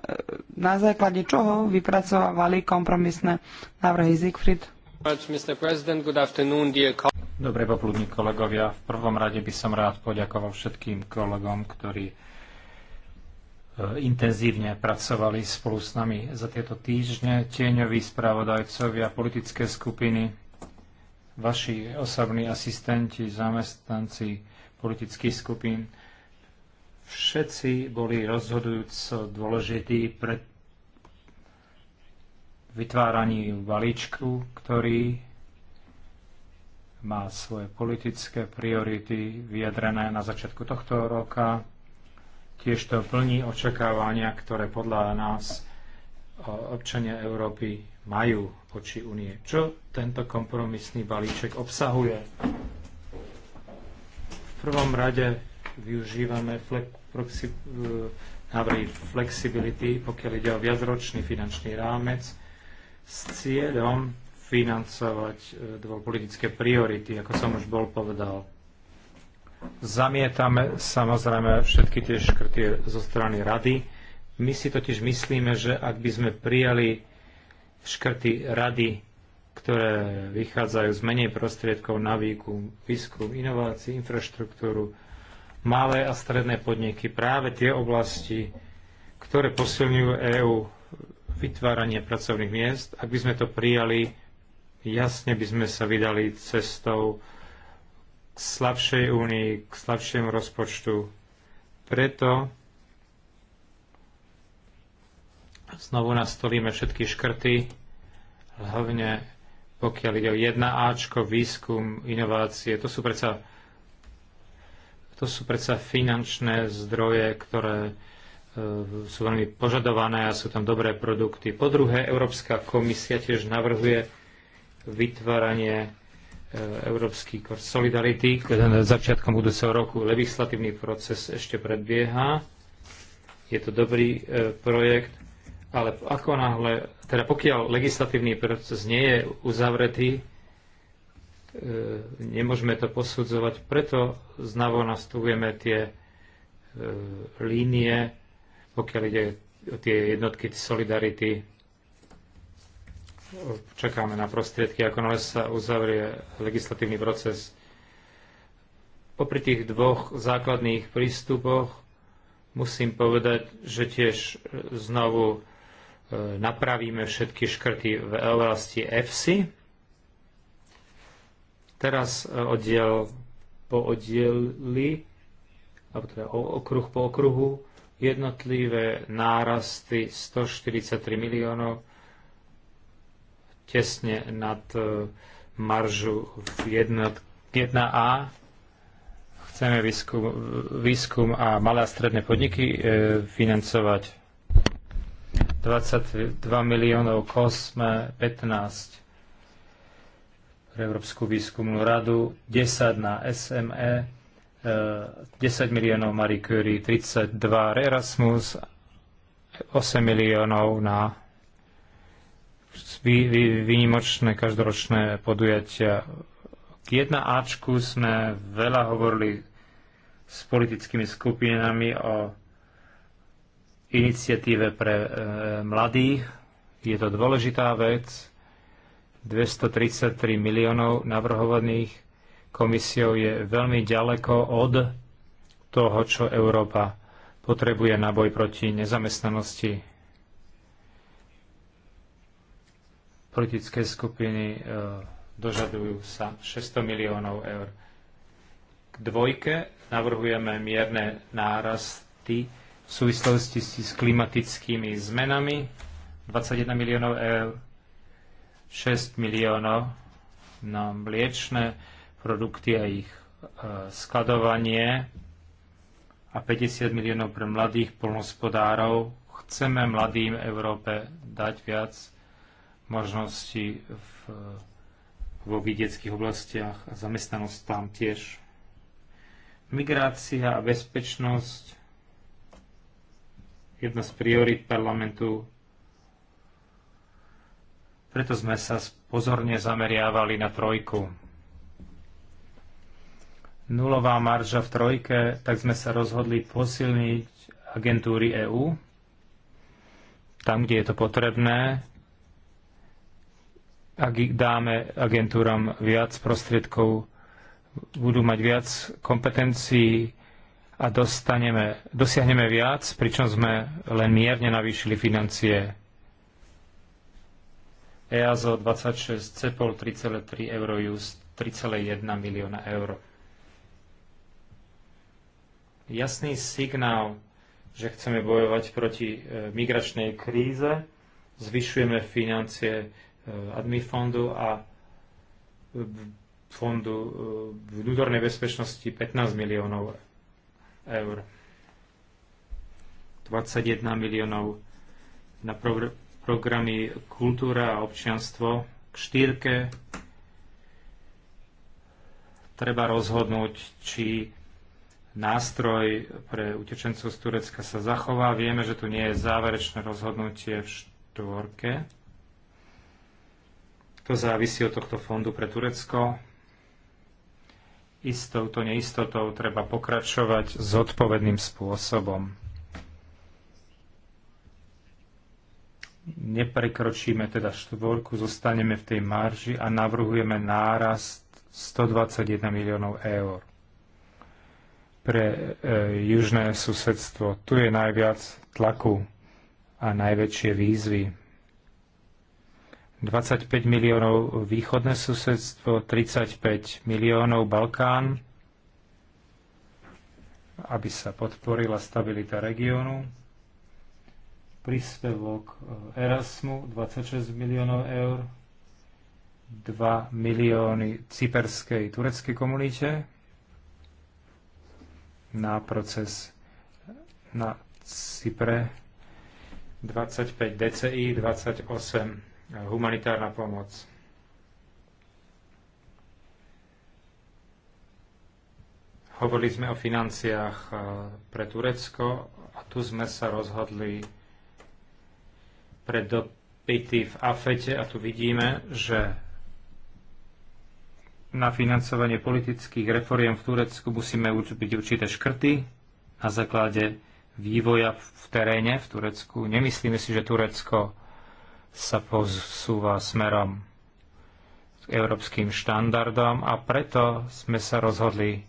Speaker 2: na základe čoho vypracovávali kompromisné návrhy Siegfried.
Speaker 3: Dobre popoludní kolegovia. V prvom rade by som rád poďakoval všetkým kolegom, ktorí intenzívne pracovali spolu s nami za tieto týždne, tieňoví správodajcovia, politické skupiny, vaši osobní asistenti, zamestnanci politických skupín. Všetci boli rozhodujúco dôležití pre vytváraní balíčku, ktorý má svoje politické priority vyjadrené na začiatku tohto roka Tiež to plní očakávania, ktoré podľa nás občania Európy majú oči únie. Čo tento kompromisný balíček obsahuje? V prvom rade využívame e, návrhy flexibility, pokiaľ ide o viacročný finančný rámec, s cieľom financovať e, politické priority, ako som už bol povedal Zamietame samozrejme všetky tie škrty zo strany rady. My si totiž myslíme, že ak by sme prijali škrty rady, ktoré vychádzajú z menej prostriedkov na výkum, výskum, inovácií, infraštruktúru, malé a stredné podniky, práve tie oblasti, ktoré posilňujú EÚ vytváranie pracovných miest. Ak by sme to prijali, jasne by sme sa vydali cestou k slabšej únii, k slabšiemu rozpočtu. Preto znovu nastolíme všetky škrty, hlavne pokiaľ ide o 1Ačko, výskum, inovácie. To sú predsa, to sú predsa finančné zdroje, ktoré e, sú veľmi požadované a sú tam dobré produkty. Po druhé, Európska komisia tiež navrhuje vytváranie Európsky kort Solidarity, teda začiatkom budúceho roku legislatívny proces ešte predbieha. Je to dobrý e, projekt, ale ako náhle, teda pokiaľ legislatívny proces nie je uzavretý, e, nemôžeme to posudzovať, preto znavo nastúvujeme tie e, línie, pokiaľ ide o tie jednotky Solidarity, čakáme na prostriedky, ako nové sa uzavrie legislatívny proces. Popri tých dvoch základných prístupoch musím povedať, že tiež e, znovu e, napravíme všetky škrty v oblasti EFSI. Teraz e, oddiel po oddieli, alebo teda okruh po okruhu, jednotlivé nárasty 143 miliónov tesne nad e, maržu v 1A. Chceme výskum, výskum a malé a stredné podniky e, financovať. 22 miliónov kosme, 15 pre Európsku výskumnú radu, 10 na SME, 10 e, miliónov Marie Curie, 32 Erasmus, 8 miliónov na vý, vý, výnimočné každoročné podujatia. K 1Ačku sme veľa hovorili s politickými skupinami o iniciatíve pre e, mladých. Je to dôležitá vec. 233 miliónov navrhovaných komisiou je veľmi ďaleko od toho, čo Európa potrebuje na boj proti nezamestnanosti politické skupiny e, dožadujú sa 600 miliónov eur. K dvojke navrhujeme mierne nárasty v súvislosti s klimatickými zmenami 21 miliónov eur, 6 miliónov na mliečne produkty a ich e, skladovanie a 50 miliónov pre mladých polnospodárov. Chceme mladým Európe dať viac možnosti v, vo vidieckých oblastiach a zamestnanosť tam tiež. Migrácia a bezpečnosť jedna z priorit parlamentu. Preto sme sa pozorne zameriavali na trojku. Nulová marža v trojke, tak sme sa rozhodli posilniť agentúry EÚ, tam, kde je to potrebné, ak dáme agentúram viac prostriedkov, budú mať viac kompetencií a dostaneme, dosiahneme viac, pričom sme len mierne navýšili financie. EASO 26, CEPOL 3,3, Eurojust 3,1 milióna eur. Jasný signál že chceme bojovať proti e, migračnej kríze, zvyšujeme financie Eh, admi fondu a fondu eh, vnútornej bezpečnosti 15 miliónov eur. 21 miliónov na progr- programy Kultúra a občianstvo k štýrke treba rozhodnúť, či nástroj pre utečencov z Turecka sa zachová. Vieme, že tu nie je záverečné rozhodnutie v štvorke. To závisí od tohto fondu pre Turecko. Istou to neistotou treba pokračovať zodpovedným spôsobom. Neprekročíme teda štvorku, zostaneme v tej marži a navrhujeme nárast 121 miliónov eur pre e, južné susedstvo. Tu je najviac tlaku a najväčšie výzvy 25 miliónov východné susedstvo, 35 miliónov Balkán, aby sa podporila stabilita regiónu. Príspevok eh, Erasmu 26 miliónov eur, 2 milióny cyperskej tureckej komunite na proces na Cypre 25 DCI, 28 humanitárna pomoc. Hovorili sme o financiách e, pre Turecko a tu sme sa rozhodli pre dopity v AFETE a tu vidíme, že na financovanie politických reforiem v Turecku musíme byť určité škrty na základe vývoja v teréne v Turecku. Nemyslíme si, že Turecko sa posúva smerom k európskym štandardom a preto sme sa rozhodli e,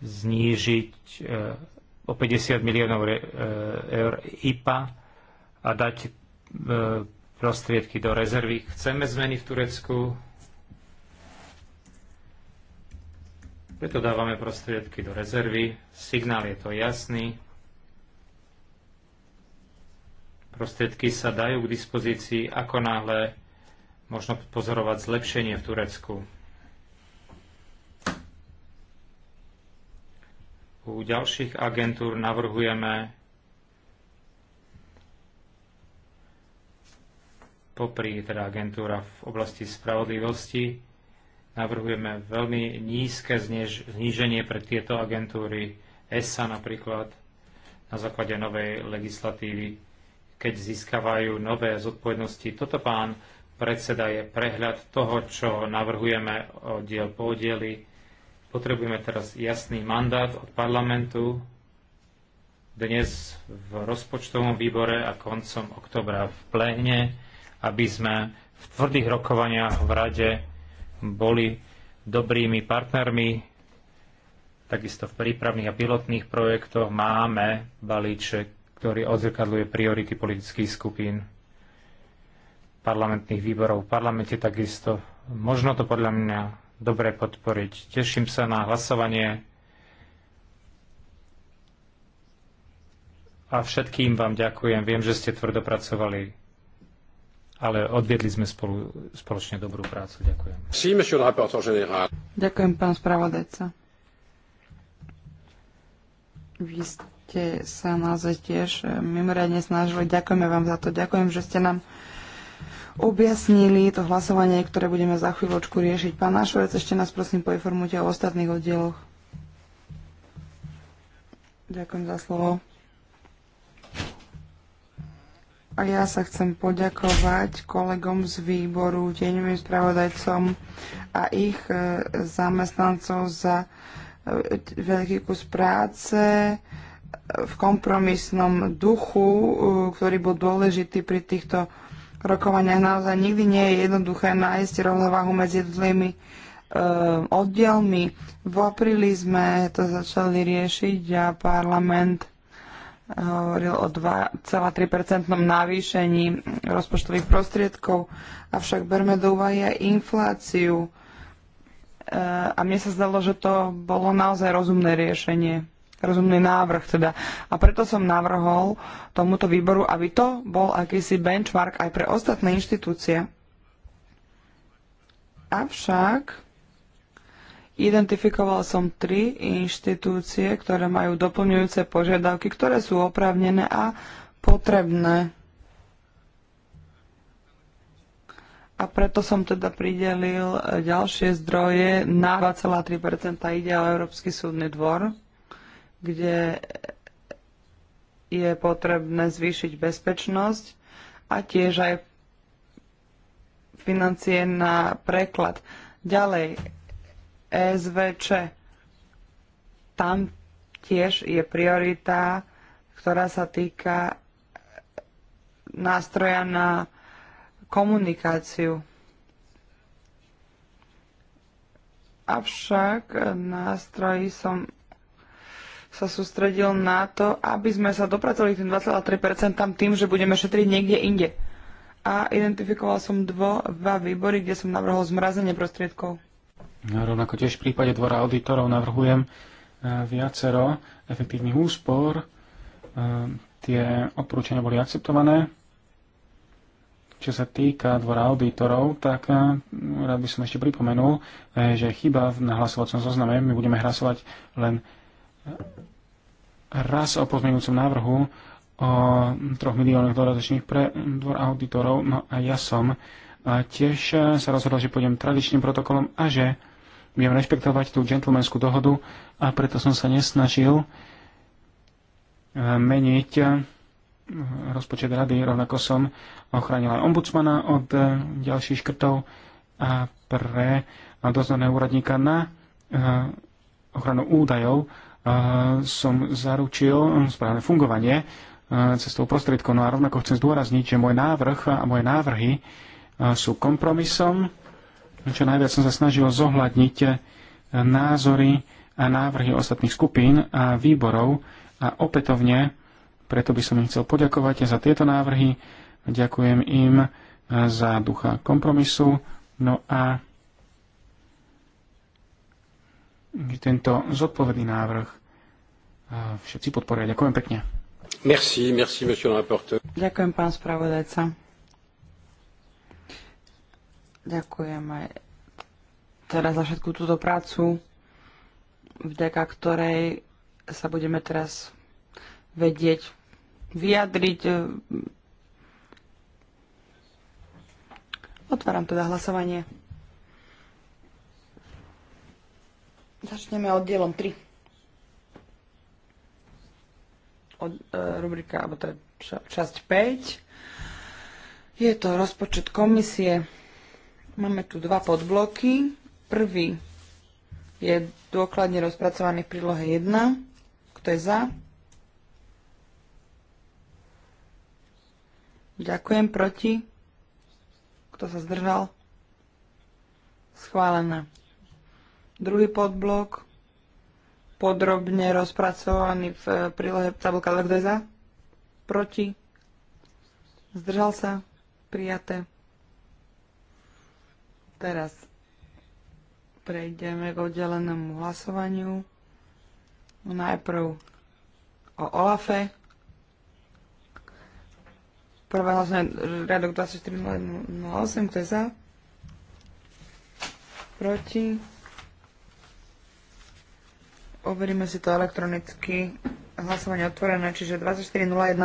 Speaker 3: znížiť e, o 50 miliónov e, eur IPA a dať prostriedky do rezervy. Chceme zmeny v Turecku, preto dávame prostriedky do rezervy. Signál je to jasný. Prostriedky sa dajú k dispozícii ako náhle možno pozorovať zlepšenie v Turecku. U ďalších agentúr navrhujeme popri teda agentúra v oblasti spravodlivosti, navrhujeme veľmi nízke zníženie pre tieto agentúry ESA napríklad na základe novej legislatívy keď získavajú nové zodpovednosti. Toto, pán predseda, je prehľad toho, čo navrhujeme diel po dieli. Potrebujeme teraz jasný mandát od parlamentu dnes v rozpočtovom výbore a koncom oktobra v pléne, aby sme v tvrdých rokovaniach v rade boli dobrými partnermi. Takisto v prípravných a pilotných projektoch máme balíček ktorý odzrkadluje priority politických skupín parlamentných výborov v parlamente takisto. Možno to podľa mňa dobre podporiť. Teším sa na hlasovanie a všetkým vám ďakujem. Viem, že ste tvrdo pracovali, ale odviedli sme spolu, spoločne dobrú prácu. Ďakujem.
Speaker 2: Ďakujem, pán spravodajca. Vy ste ste sa naozaj tiež e, mimoriadne snažili. Ďakujeme vám za to. Ďakujem, že ste nám objasnili to hlasovanie, ktoré budeme za chvíľočku riešiť. Pán Našovec, ešte nás prosím poinformujte o ostatných oddieloch. Ďakujem za slovo. A ja sa chcem poďakovať kolegom z výboru, deňovým spravodajcom a ich e, zamestnancov za e, veľký kus práce v kompromisnom duchu, ktorý bol dôležitý pri týchto rokovaniach. Naozaj nikdy nie je jednoduché nájsť rovnováhu medzi jednotlivými e, oddielmi. V apríli sme to začali riešiť a parlament e, hovoril o 2,3% navýšení rozpočtových prostriedkov, avšak berme do úvahy aj infláciu. E, a mne sa zdalo, že to bolo naozaj rozumné riešenie rozumný návrh teda. A preto som navrhol tomuto výboru, aby to bol akýsi benchmark aj pre ostatné inštitúcie. Avšak Identifikoval som tri inštitúcie, ktoré majú doplňujúce požiadavky, ktoré sú oprávnené a potrebné. A preto som teda pridelil ďalšie zdroje na 2,3 ide o Európsky súdny dvor kde je potrebné zvýšiť bezpečnosť a tiež aj financie na preklad. Ďalej, SVČ. Tam tiež je priorita, ktorá sa týka nástroja na komunikáciu. Avšak nástroj som sa sústredil na to, aby sme sa dopracovali k tým 2,3% tým, že budeme šetriť niekde inde. A
Speaker 1: identifikoval som dvo, dva výbory, kde som navrhol zmrazenie prostriedkov. Ja rovnako tiež v prípade dvora auditorov navrhujem e, viacero efektívnych úspor. E, tie odporúčania boli akceptované. Čo sa týka dvora auditorov, tak e, rád by som ešte pripomenul, že chyba na hlasovacom zozname, my budeme hlasovať len raz o pozmeňujúcom návrhu o 3 miliónoch dodatočných pre dvor auditorov. No a ja som tiež e, sa rozhodol, že pôjdem tradičným protokolom a že viem rešpektovať tú džentlmenskú dohodu a preto som sa nesnažil e, meniť e, rozpočet rady, rovnako som ochránil aj ombudsmana od ďalších škrtov a pre dozorného úradníka na ochranu údajov som zaručil správne fungovanie e, cestou prostriedkov. No a rovnako chcem zdôrazniť, že môj návrh a moje návrhy e, sú kompromisom. Čo najviac som sa snažil zohľadniť e, názory a návrhy ostatných skupín a výborov a opätovne, preto by som im chcel poďakovať za tieto návrhy. Ďakujem im za ducha kompromisu. No a tento zodpovedný návrh e, všetci podporia. Ďakujem pekne. Merci, merci, monsieur le rapporteur. Ďakujem, pán spravodajca.
Speaker 2: Ďakujem aj teraz za všetku túto prácu, vďaka ktorej sa budeme teraz vedieť vyjadriť. Otváram teda hlasovanie. Začneme oddielom 3. Od, e, rubrika, alebo to je ča, časť 5. Je to rozpočet komisie. Máme tu dva podbloky. Prvý je dôkladne rozpracovaný v prílohe 1. Kto je za? Ďakujem. Proti? Kto sa zdržal? Schválené. Druhý podblok, podrobne rozpracovaný v eh, prílohe tabulka Lekdeza. kto je za? Proti? Zdržal sa? Prijaté. Teraz prejdeme k oddelenému hlasovaniu. Najprv o OLAFe. Prvé hlasovanie riadok 24.08, kto je za? Proti? Overíme si to elektronicky. Hlasovanie otvorené, čiže 24.01.08.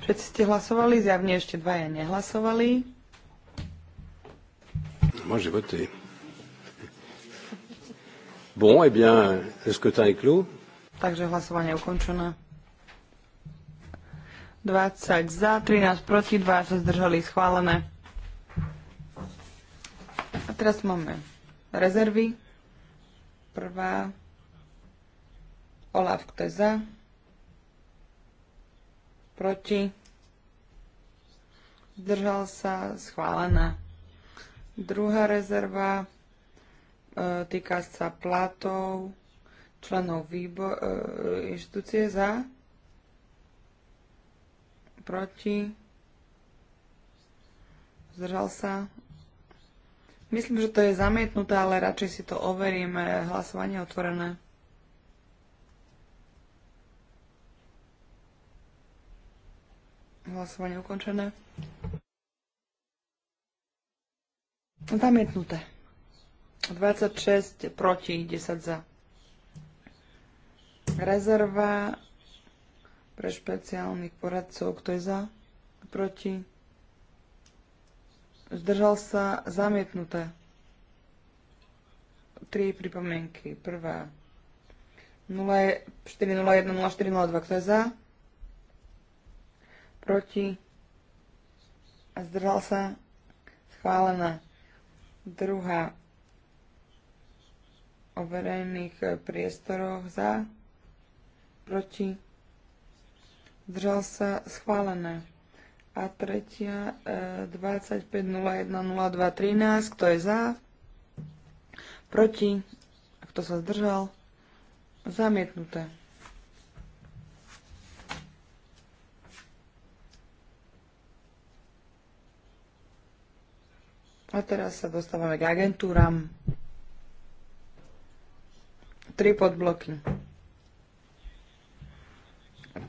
Speaker 2: Všetci ste hlasovali, zjavne ešte dvaja nehlasovali.
Speaker 3: Môže j'ai voté. Bon, eh bien, est le scrutin est éclos?
Speaker 2: Takže hlasovanie je ukončené. 20 za, 13 proti, 2 sa zdržali schválené. A teraz máme rezervy. Prvá. Olaf, kto je za? Proti. Zdržal sa, schválená. Druhá rezerva e, týka sa platov členov výbo- e, inštitúcie za proti, zdržal sa. Myslím, že to je zamietnuté, ale radšej si to overíme. Hlasovanie je otvorené. Hlasovanie ukončené. Zamietnuté. 26 proti, 10 za. Rezerva pre špeciálnych poradcov. Kto je za? Proti? Zdržal sa zamietnuté. Tri pripomienky. Prvá. 0401-0402. Kto je za? Proti? A zdržal sa? Schválená. Druhá. O verejných priestoroch za? Proti? zdržal sa, schválené. A tretia, e, 25.01.02.13, kto je za, proti, a kto sa zdržal, zamietnuté. A teraz sa dostávame k agentúram. Tri podbloky.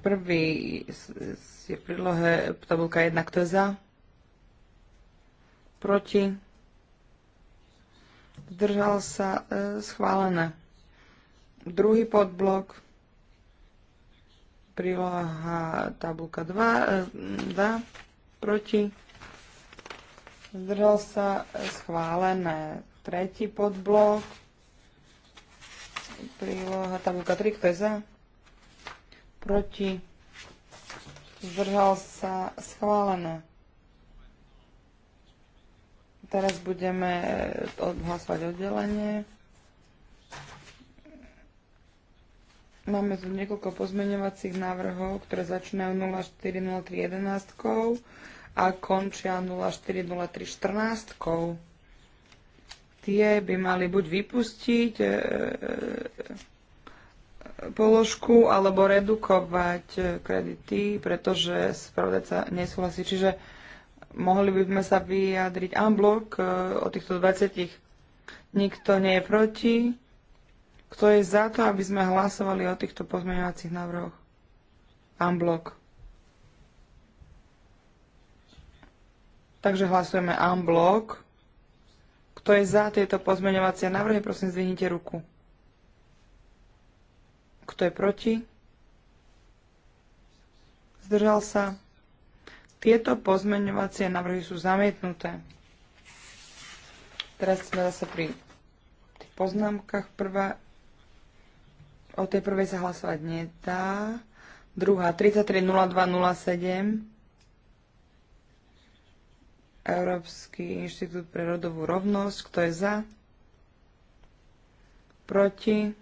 Speaker 2: Prvý je v prílohe tabulka 1, kto je za? Proti? Zdržal sa e, schválené. Druhý podblok, príloha tabulka 2, e, za, proti, zdržal sa e, schválené. Tretí podblok, príloha tabulka 3, kto je za? proti, zdržal sa, schválené. Teraz budeme eh, odhlasovať oddelenie. Máme tu niekoľko pozmeňovacích návrhov, ktoré začínajú 040311 a končia 040314. Tie by mali buď vypustiť e, položku alebo redukovať e, kredity, pretože spravodajca nesúhlasí. Čiže mohli by sme sa vyjadriť unblock e, o týchto 20. Nikto nie je proti. Kto je za to, aby sme hlasovali o týchto pozmeňovacích návrhoch? Unblock. Takže hlasujeme unblock. Kto je za tieto pozmeňovacie návrhy, prosím, zvinite ruku. Kto je proti? Zdržal sa? Tieto pozmeňovacie návrhy sú zamietnuté. Teraz sme zase pri tých poznámkach. Prvá, o tej prvej sa hlasovať nedá. Druhá, 330207. Európsky inštitút pre rodovú rovnosť. Kto je za? Proti?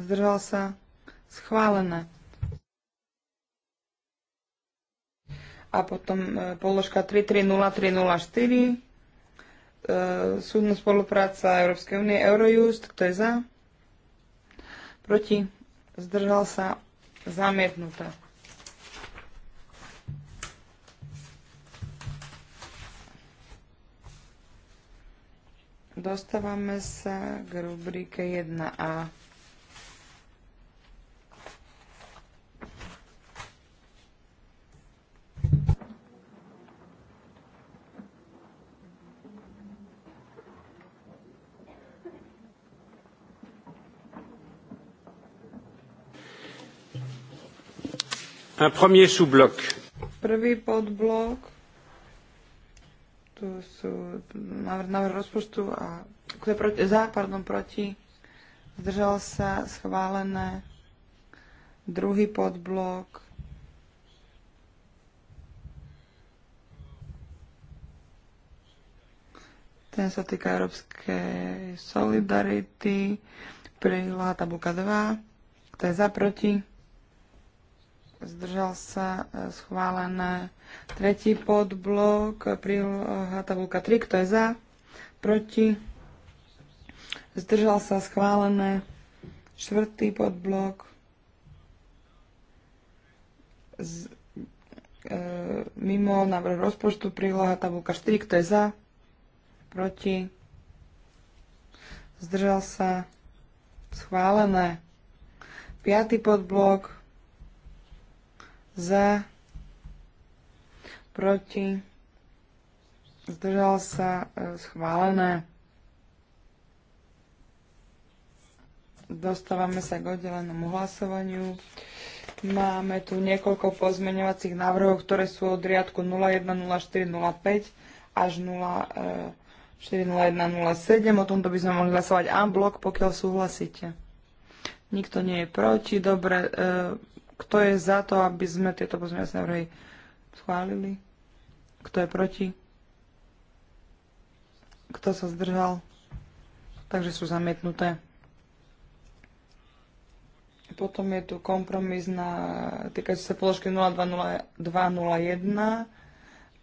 Speaker 2: zdržal sa, schválené. A potom e, položka 330304, e, súdna spolupráca Európskej únie, Eurojust, kto je za? Proti, zdržal sa, zamietnuté. Dostávame sa k rubrike 1a.
Speaker 1: Un premier sous-bloc.
Speaker 2: Prvý podblok. Tu sú návrh, návrh rozpočtu a kto je proti, za, pardon, proti. Zdržal sa schválené. Druhý podblok. Ten sa týka európskej solidarity. Príloha tabulka 2. Kto je za proti? zdržal sa e, schválené. Tretí podblok, príloha tabulka 3, kto je za, proti, zdržal sa schválené. Štvrtý podblok, z, e, mimo návrh rozpočtu príloha tabulka 4, kto je za, proti, zdržal sa schválené. Piatý podblok, za, proti, zdržal sa, e, schválené. Dostávame sa k oddelenému hlasovaniu. Máme tu niekoľko pozmeňovacích návrhov, ktoré sú od riadku 010405 až 040107. E, o tomto by sme mohli hlasovať blok, pokiaľ súhlasíte. Nikto nie je proti. Dobre, e, kto je za to, aby sme tieto pozmeňovacie návrhy schválili? Kto je proti? Kto sa zdržal? Takže sú zamietnuté. Potom je tu kompromis na týkajúce sa položky 02201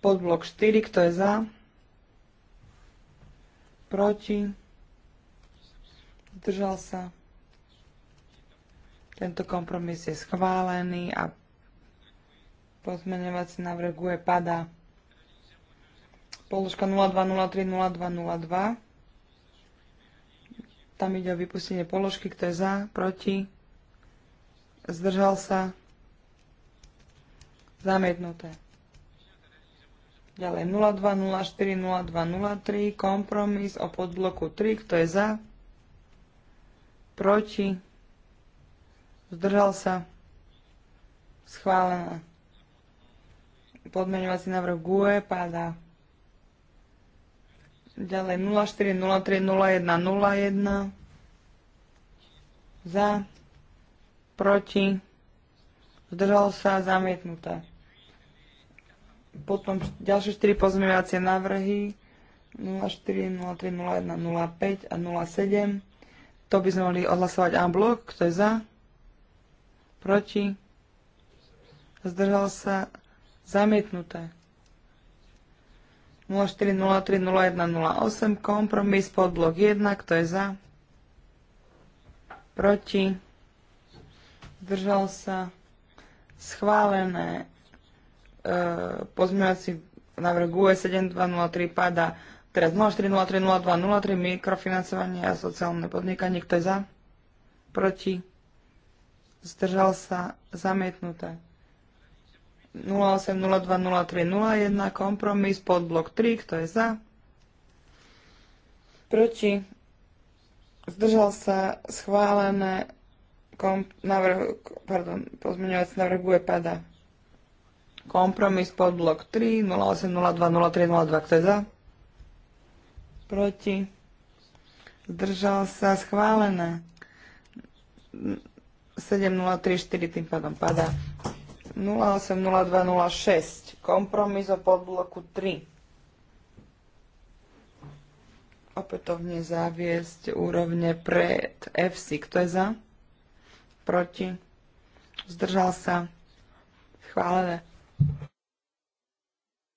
Speaker 2: podblok 4, kto je za? Proti? Zdržal sa? Tento kompromis je schválený a pozmeňovací návrh GUE padá. Položka 02030202. Tam ide o vypustenie položky, kto je za, proti, zdržal sa, zamietnuté. Ďalej 02040203, kompromis o podbloku 3, kto je za, proti, Zdržal sa? Schválené. Podmeňovací návrh GUE padá. Ďalej 04030101 za, proti, zdržal sa, zamietnuté. Potom ďalšie 4 pozmeňovacie návrhy 05 a 07. To by sme mohli odhlasovať en blok. Kto je za? proti, zdržal sa, zamietnuté. 04030108, kompromis blok 1, kto je za, proti, zdržal sa, schválené e, pozmeňovací návrh GUE 7203 pada teraz 04030203 mikrofinancovanie a sociálne podnikanie, kto je za, proti, zdržal sa, zamietnuté. 08020301, kompromis, podblok 3, kto je za, proti, zdržal sa, schválené, kom, navrh, pardon, pozmeňovací návrh bude pada. Kompromis, podblok 3, 08020302, kto je za, proti, zdržal sa, schválené. 7034 tým pádom padá. 080206. Kompromis o podbloku 3. Opätovne zaviesť úrovne pred FC. Kto je za? Proti? Zdržal sa? Chválené.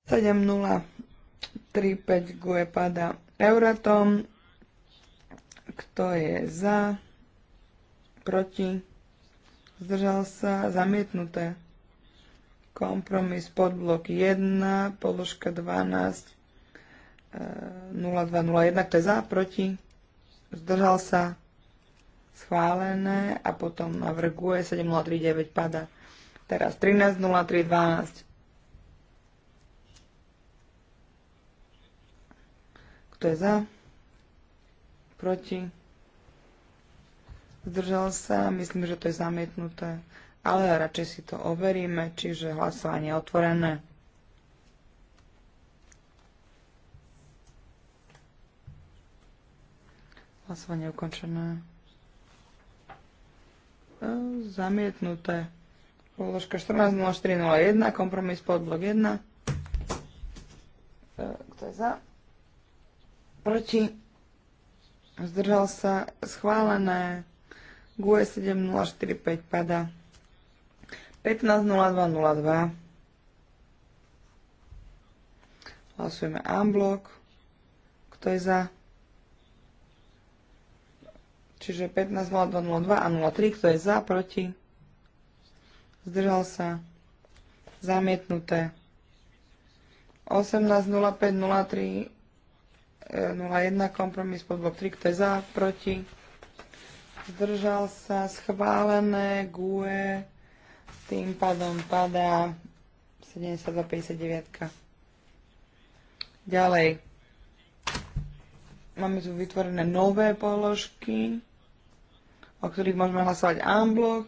Speaker 2: 7035 GUE pada Euratom. Kto je za? Proti? zdržal sa, zamietnuté. Kompromis podblok 1, položka 12, 0201, e, kto je za, proti, zdržal sa, schválené a potom návrh 7039 pada. Teraz 13.03.12. Kto je za? Proti? zdržal sa, myslím, že to je zamietnuté, ale radšej si to overíme, čiže hlasovanie je otvorené. Hlasovanie ukončené. E, zamietnuté. Položka 14.04.01, kompromis podblok 1. E, kto je za? Proti? Zdržal sa schválené GUE 7045 padá. 15.02.02 Hlasujeme unblock. Kto je za? Čiže 15.02.02 a 03. Kto je za? Proti? Zdržal sa? Zamietnuté. 18.05.03 01 e, kompromis pod blok 3. Kto je za? Proti? zdržal sa, schválené, GUE, tým pádom padá 7259. Ďalej, máme tu vytvorené nové položky, o ktorých môžeme hlasovať unblock.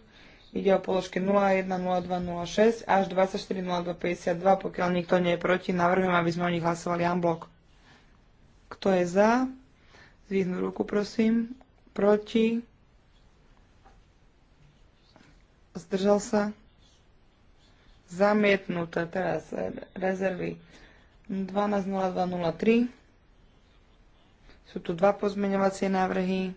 Speaker 2: Ide o položke 010206 až 240252, pokiaľ nikto nie je proti, navrhujem, aby sme o nich hlasovali unblock. Kto je za? Zvihnú ruku, prosím. Proti? zdržal sa, zamietnuté, teraz eh, rezervy 12.02.03, sú tu dva pozmeňovacie návrhy,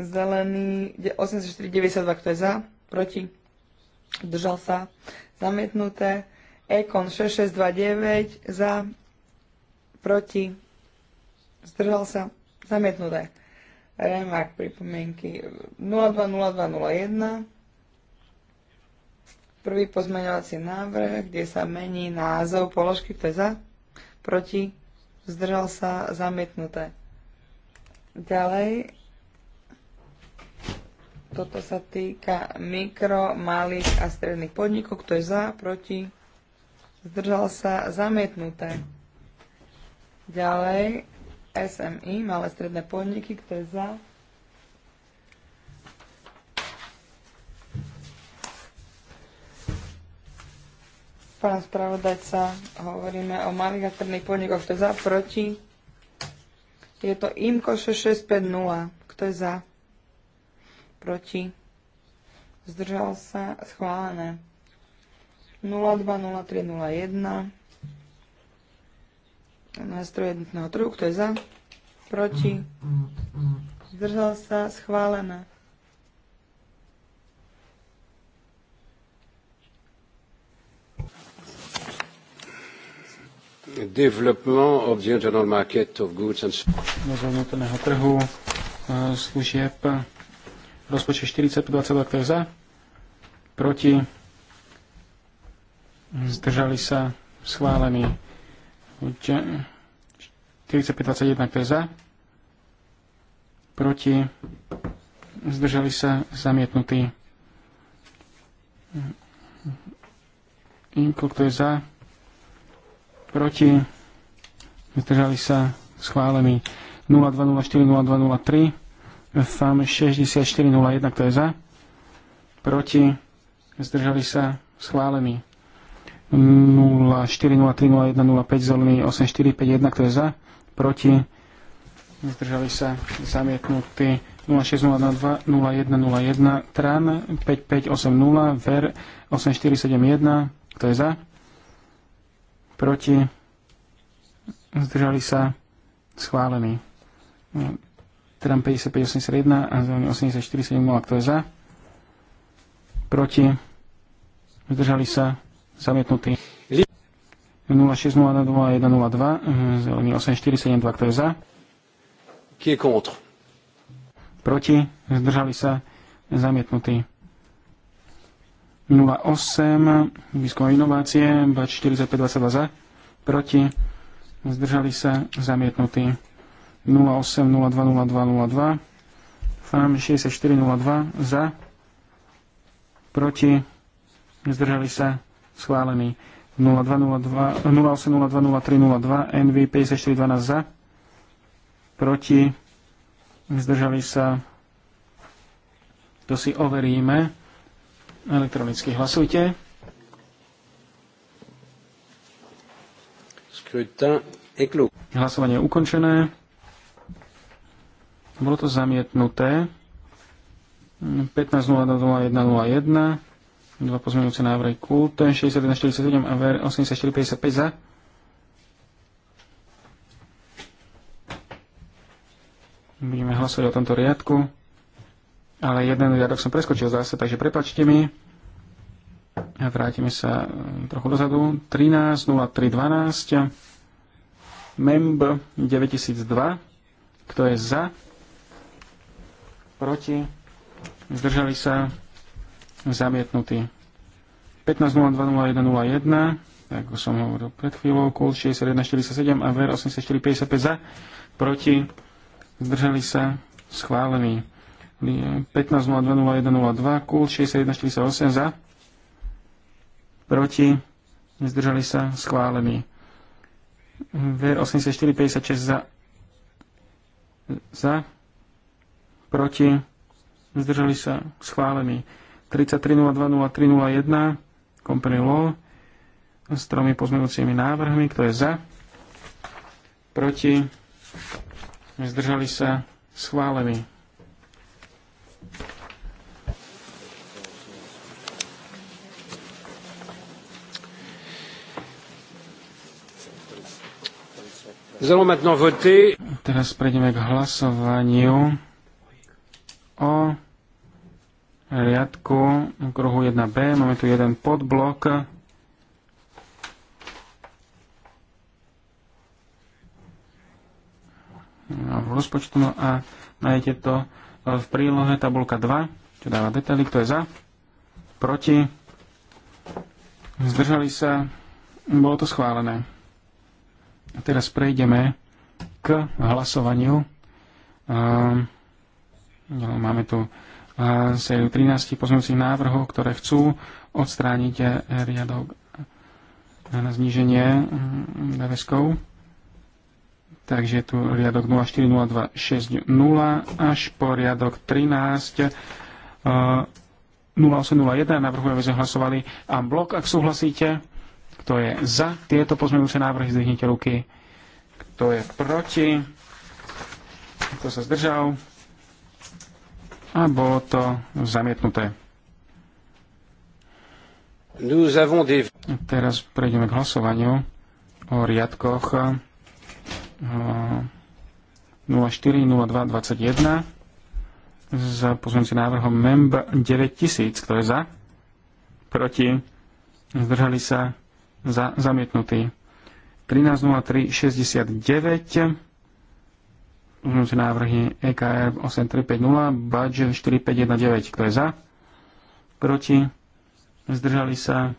Speaker 2: zelený 84,92, kto je za, proti, zdržal sa, zamietnuté, Ekon 6629, za, proti, zdržal sa, zamietnuté. Remark pripomienky 020201 prvý pozmeňovací návrh, kde sa mení názov položky, kto je za, proti, zdržal sa, zamietnuté. Ďalej, toto sa týka mikro, malých a stredných podnikov, kto je za, proti, zdržal sa, zamietnuté. Ďalej, SMI, malé stredné podniky, kto je za? Pán spravodajca, hovoríme o malých a stredných podnikoch, kto je za, proti? Je to IMKO 6650, kto je za? Proti? Zdržal sa, schválené. 020301 nástroj jednotného trhu. Kto je za? Proti? Zdržal sa? Schválené.
Speaker 3: Development of the internal market of goods and
Speaker 1: Rozhodnutného trhu e, služieb rozpočet kto je za? Proti? Zdržali sa? Schválený 4521, kto je za? Proti? Zdržali sa zamietnutí. Inko, kto je za? Proti? Zdržali sa schválení. 0204, 0203. FAM 6401, kto je za? Proti? Zdržali sa schválení. 0403 zelený 8451, kto je za, proti, zdržali sa zamietnutí 0602 0101 TRAN 5580 VER 8471, kto je za, proti, zdržali sa schválený. TRAN 5581 a zelený 8470, kto je za, proti, zdržali sa Zamietnutý. 0602102, hm, zelený 8472, kto je za? Qui est contre? Proti, zdržali sa, zamietnutý. 08, výskum a inovácie, bač 4522 za, proti, zdržali sa, zamietnutý. 08020202, FAM 6402 za, proti, zdržali sa, schválený. 0202, 08020302, NV 5412 za, proti, zdržali sa, to si overíme, elektronicky hlasujte. Hlasovanie je ukončené. Bolo to zamietnuté. 15.02.01.01 Dva pozmeňujúce návrhy KULT 6147 a VR 8455 za. Budeme hlasovať o tomto riadku. Ale jeden riadok som preskočil zase, takže prepačte mi. A vrátime sa hm, trochu dozadu. 13.03.12. MEMB 9002. Kto je za? Proti? Zdržali sa? zamietnutý. 15.02.01.01, ako som hovoril pred chvíľou, kul 61.47 a ver 84.55 za, proti, zdržali sa, schválený. 15.02.01.02, kul 61.48 za, proti, zdržali sa, schválený. Ver 84.56 za, za, proti, zdržali sa, schválený. 33020301 Company Law s tromi pozmenujúcimi návrhmi. Kto je za? Proti? Zdržali sa? Schválený. Teraz prejdeme k hlasovaniu o riadku kruhu 1b. Máme tu jeden podblok. v rozpočtu no a nájdete to v prílohe tabulka 2, čo dáva detaily, kto je za, proti, zdržali sa, bolo to schválené. A teraz prejdeme k hlasovaniu. Ehm, no, máme tu z 13 pozmeňujúcich návrhov, ktoré chcú odstrániť eh, riadok na zníženie DVS-kov. Mm, Takže je tu riadok 040260 až po riadok 13 0801 eh, navrhujem, aby sme hlasovali a blok, ak súhlasíte. Kto je za tieto pozmeňujúce návrhy, zdvihnite ruky. Kto je proti? Kto sa zdržal? a bolo to zamietnuté. Teraz prejdeme k hlasovaniu o riadkoch 040221 za pozemci návrhom MEMB 9000, kto je za, proti, zdržali sa za zamietnutý. 13.03.69 Pozmeňujúce návrhy EKR 8350, Badger 4519. Kto je za? Proti? Zdržali sa?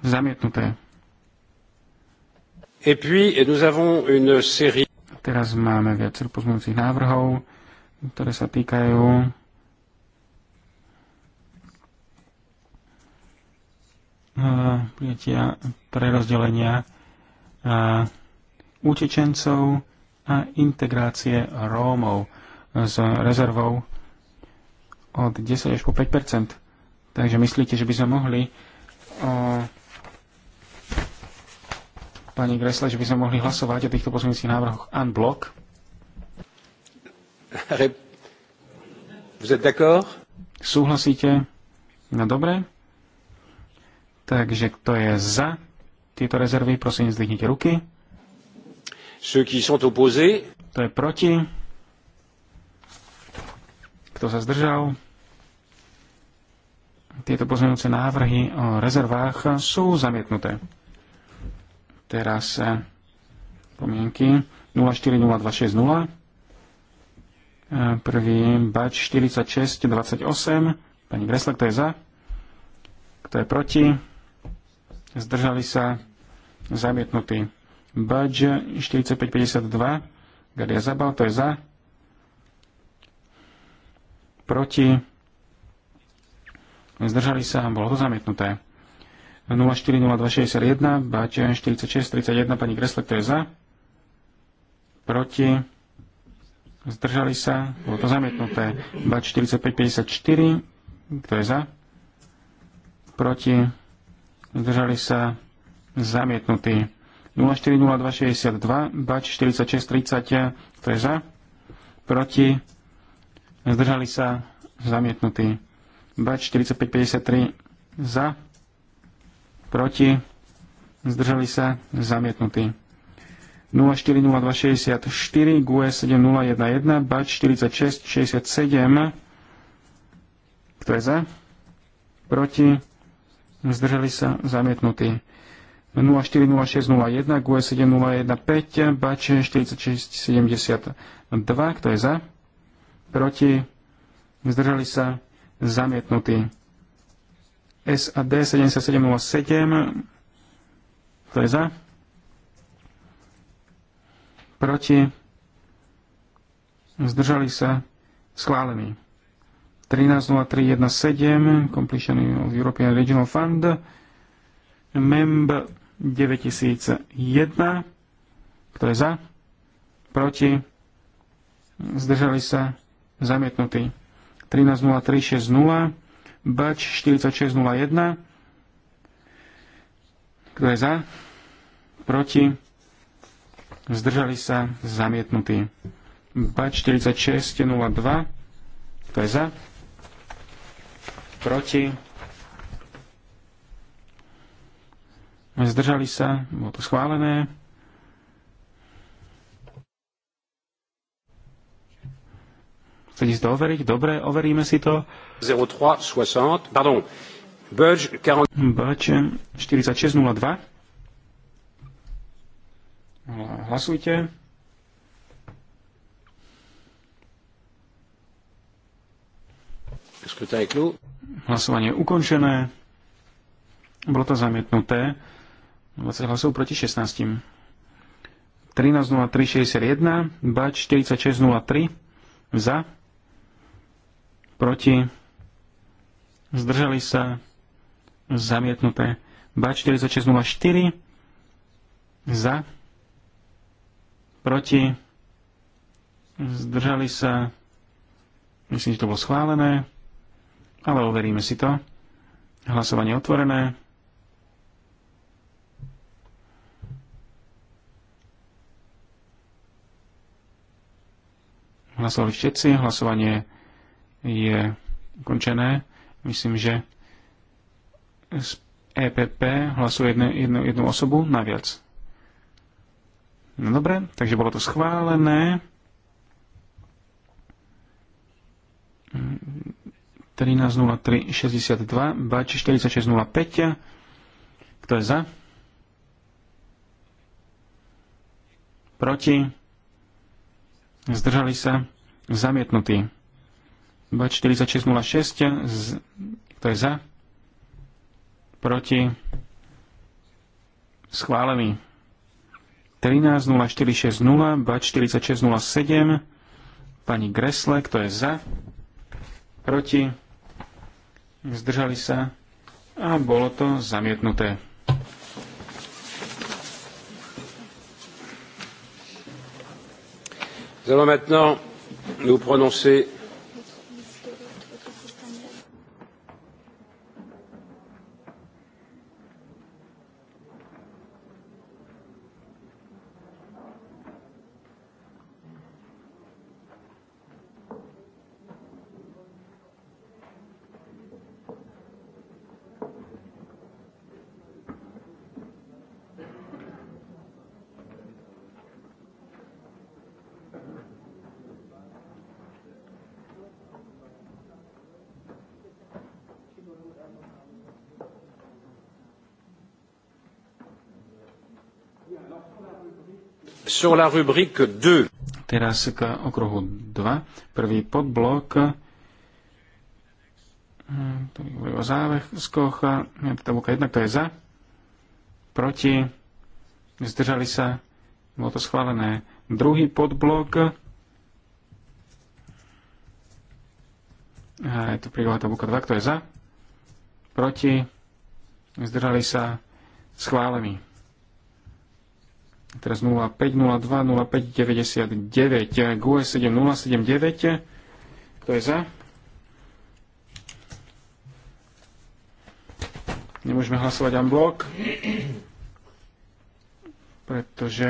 Speaker 1: Zamietnuté.
Speaker 3: Et puis, nous avons une série...
Speaker 1: Teraz máme viacero pozmeňujúcich návrhov, ktoré sa týkajú e, prijatia prerozdelenia e, utečencov a integrácie Rómov s rezervou od 10 až po 5 Takže myslíte, že by sme mohli o, pani Gressle, že by sme mohli hlasovať o týchto pozmeňujúcich návrhoch unblock?
Speaker 3: Vous êtes d'accord?
Speaker 1: Súhlasíte? No dobre. Takže kto je za tieto rezervy, prosím, zdvihnite ruky.
Speaker 3: Ceux qui sont opposés.
Speaker 1: To je proti. Kto sa zdržal? Tieto pozmeňujúce návrhy o rezervách sú zamietnuté. Teraz eh, pomienky 040260 eh, prvý bač 4628 pani Gresla, kto je za? Kto je proti? Zdržali sa zamietnutí. Budge 4552, Gadia Zabal, to je za. Proti. Zdržali sa, bolo to zamietnuté. 040261, Budge 4631, pani Gressle, to je za. Proti. Zdržali sa, bolo to zamietnuté. Budge 4554, kto je za? Proti. Zdržali sa, zamietnutý. 040262, bač 4630, to je za, proti, zdržali sa, zamietnutý. Bač 4553, za, proti, zdržali sa, zamietnutý. 040264, GUE 7011, bač 4667, kto je za, proti, zdržali sa, zamietnutý. 040601 GUE 7015 BAČE 4672 kto je za proti zdržali sa zamietnutí SAD 7707 kto je za proti zdržali sa schválený 13.03.17 Completion of European Regional Fund Member 9001. Kto je za? Proti? Zdržali sa? Zamietnutý. 130360. Bač 4601. Kto je za? Proti? Zdržali sa? Zamietnutý. Bač 4602. Kto je za? Proti? zdržali sa, bolo to schválené. Chcete si to overiť? Dobre, overíme si to. 0360, pardon, Budge 4602. Hlasujte. Hlasovanie je ukončené. Bolo to zamietnuté. 20 hlasov proti 16. 13.03.61, bač 46.03, za, proti, zdržali sa, zamietnuté, bač 46.04, za, proti, zdržali sa, myslím, že to bolo schválené, ale overíme si to. Hlasovanie otvorené. Hlasovali všetci, hlasovanie je ukončené. Myslím, že z EPP hlasuje jednu, jednu, jednu osobu naviac. No dobre, takže bolo to schválené. 13.03.62, bač 46.05. Kto je za? Proti? zdržali sa, zamietnutí 4606, z, kto je za, proti, schválený. 13.0460, BAT 4607, pani Gresle, kto je za, proti, zdržali sa a bolo to zamietnuté.
Speaker 3: Nous allons maintenant nous prononcer
Speaker 1: Sur la rubrique 2. Teraz k okruhu 2. Prvý podblok ktorý hm, hovorí o záväzkoch. tabuka 1, kto je za, proti, zdržali sa, bolo to schválené. Druhý podblok, a je tu príloha tabuka 2, kto je za, proti, zdržali sa, schválený teraz 0502 0599 GUE 7079 kto je za? Nemôžeme hlasovať unblock, pretože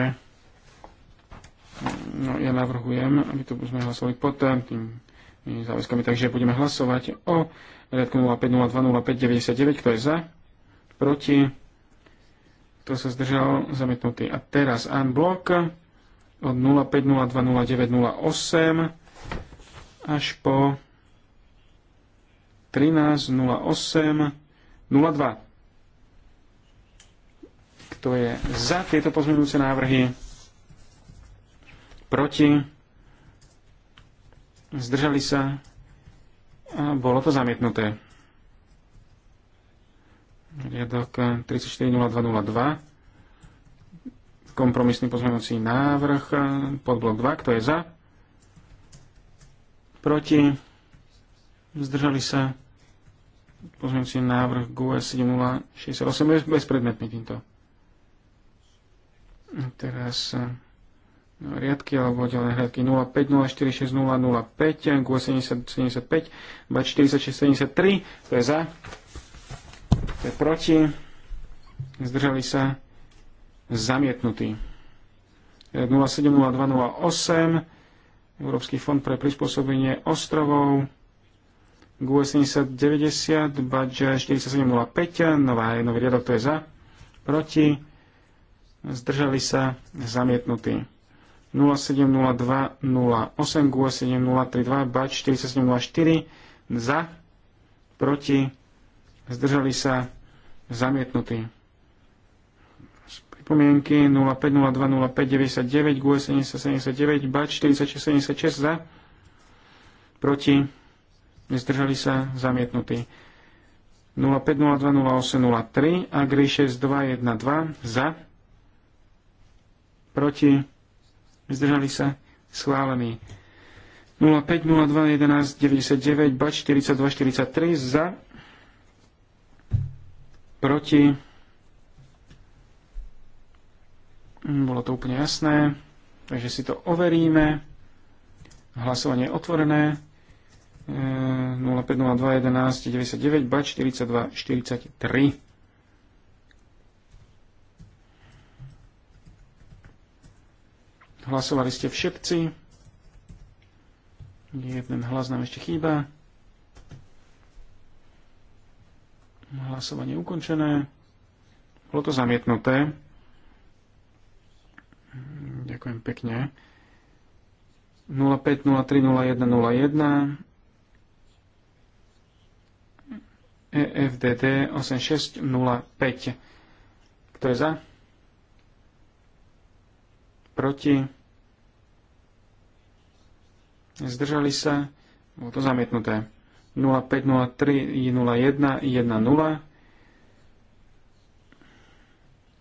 Speaker 1: no, ja navrhujem, aby to sme hlasovali pod tým záväzkami, takže budeme hlasovať o riadku 0502 0599, kto je za? Proti? To sa zdržalo zamietnutý. A teraz unblock od 05020908 až po 130802. Kto je za tieto pozmeňujúce návrhy? Proti? Zdržali sa? A bolo to zamietnuté riadok 340202, eh, kompromisný pozmeňovací návrh, eh, podblok 2, kto je za, proti, zdržali sa, pozmeňovací návrh GUS 7068 je bezpredmetný týmto. Teraz eh, no, riadky alebo oddelené riadky 05046005 GUS 7075 2473 4673 to je za je proti? Zdržali sa? zamietnutí 070208 Európsky fond pre prispôsobenie ostrovov GUE 7090 Badge 4705 nová, nový riadok to je za proti zdržali sa zamietnutí 070208 GUE 7032 Badge 4704 za proti zdržali sa, zamietnutí. Pripomienky 0502 0599 GUE 7079 BAČ 4676 za, proti, zdržali sa, zamietnutí. 0502 0803 Agri 6212 za, proti, zdržali sa, schválený. 0502 11 99 BAČ 4243 za, proti. Mm, bolo to úplne jasné, takže si to overíme. Hlasovanie je otvorené. 0502 11 99 ba 42 43 Hlasovali ste všetci. Jeden hlas nám ešte chýba. Hlasovanie ukončené. Bolo to zamietnuté. Ďakujem pekne. 05030101 EFDD 8605. Kto je za? Proti? Zdržali sa? Bolo to zamietnuté. 0503 01 10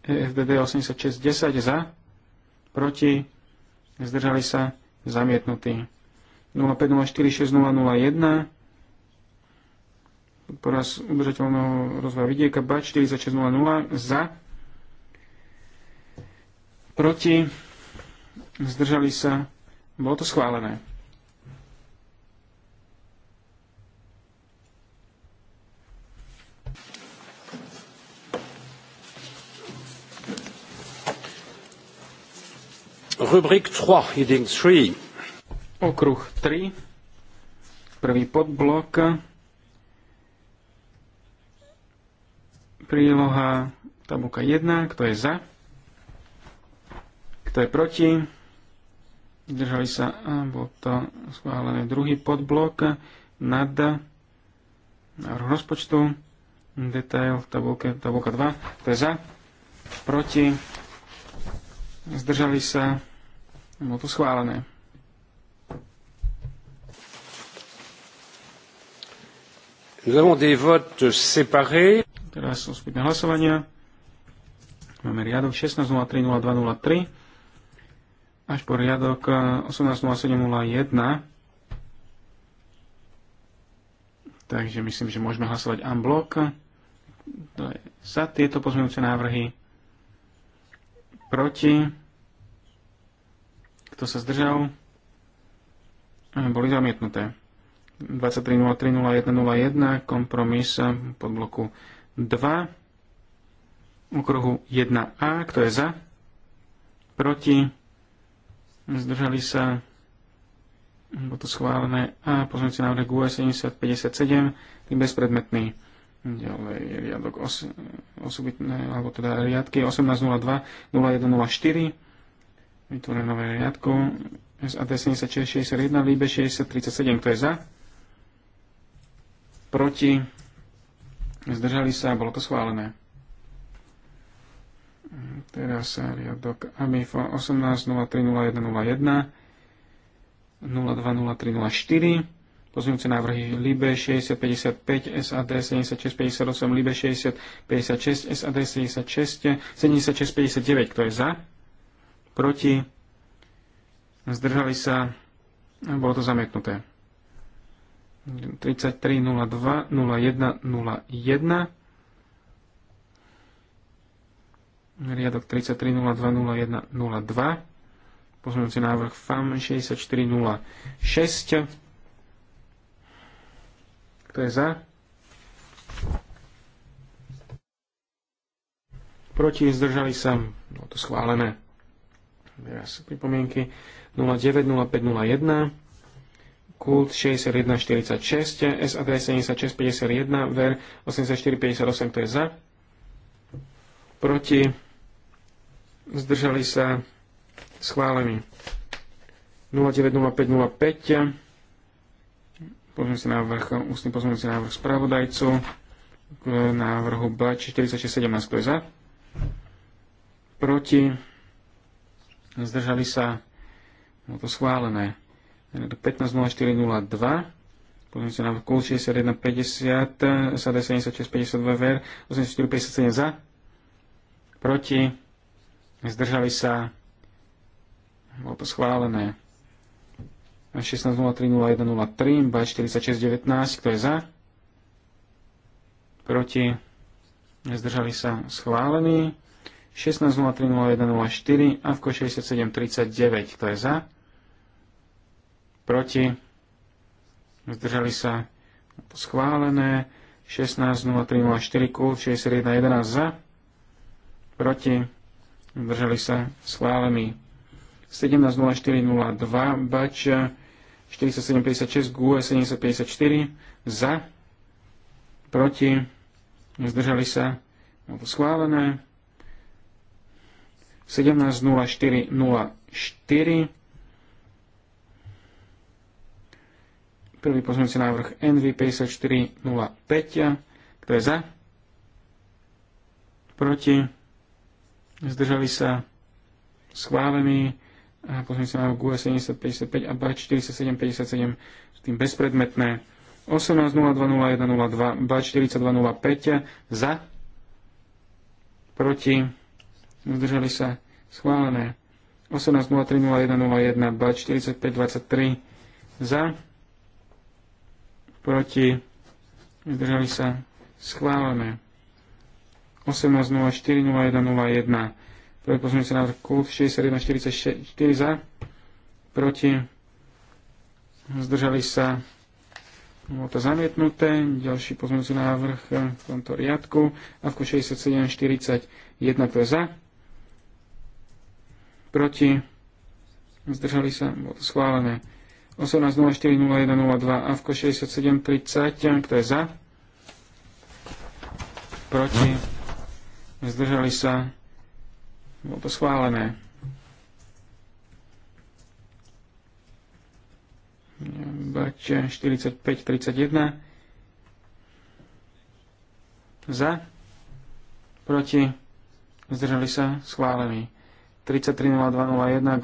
Speaker 1: EFDD 8610 za, proti, zdržali sa, zamietnutí. 05046 001 poraz udržateľného rozvoja vidieka BAČ 4600 za, proti, zdržali sa, bolo to schválené. Rubrik 3, heading 3. Okruh 3, prvý podblok, príloha tabuka 1, kto je za, kto je proti, držali sa, a bol to schválený druhý podblok nad návrh rozpočtu, detail tabuka tabulka 2, kto je za, proti, Zdržali sa. Bolo to schválené. Nous avons des votes séparés. Teraz sú späť hlasovania. Máme riadok 16.03.02.03 až po riadok 18.07.01. E, Takže myslím, že môžeme hlasovať unblock. To je za tieto pozmeňujúce návrhy proti, kto sa zdržal, boli zamietnuté. 23.03.01.01, kompromis pod bloku 2, okruhu 1A, kto je za, proti, zdržali sa, bolo to schválené, a pozmeňujúci návrh GUE 7057, bezpredmetný ďalej je riadok os, osobitné, alebo teda riadky 1802-0104, vytvorené nové riadko, SAD 7661, LIBE 6037, kto je za? Proti? Zdržali sa, bolo to schválené. Teraz riadok AMIF 1803-0101, 020304, pozujúce návrhy LIBE 6055, SAD 7658, LIBE 6056, SAD 76, 7659. Kto je za? Proti? Zdržali sa? Bolo to zamietnuté. 33 02 riadok 33020102, pozmeňujúci návrh FAM 6406, kto je za? Proti zdržali sa. No to schválené. Teraz pripomienky 090501 Kult 6146 SAD 7651 VER 8458 to je za proti zdržali sa schválení 090505 Pozmeňujúci návrh, ústny pozmeňujúci návrh spravodajcu k návrhu b 4617. Kto je za? Proti? Zdržali sa? Bolo to schválené. 15.04.02 Pozrieme sa na kul 61.50, SAD 76.52 VR, 84.57 za, proti, zdržali sa, bolo to schválené. 16.03.01.03, BAJ 46.19, kto je za? Proti? Zdržali sa schválení. 16.03.01.04, AVKO 67.39, kto je za? Proti? Zdržali sa schválené. 16.03.04, KUL 61.11 za? Proti? Zdržali sa schválení. 17.04.02, BAČ 4756, GUE 754, za, proti, zdržali sa, bolo to schválené, 170404, prvý pozmeňujúci návrh NV 5405, kto je za, proti, zdržali sa, schválený, a pozrieme sa na GUE 7055 a BAČ 4757 s tým bezpredmetné. 18.02.01.02 BAČ 4205 za proti zdržali sa schválené 18.03.01.01 BAČ 4523 za proti zdržali sa schválené 18.04.01.01 Prvý pozmeňujúci návrh kult 6144 za, proti, zdržali sa, bolo to zamietnuté, ďalší pozmeňujúci návrh eh, v tomto riadku, 67 6741 to je za, proti, zdržali sa, bolo to schválené. 18.04.01.02 AVKO 67.30, kto je za? Proti? Zdržali sa? Bolo to schválené. Bate 45-31. Za. Proti. Zdržali sa. Schválený. 33.02.01 k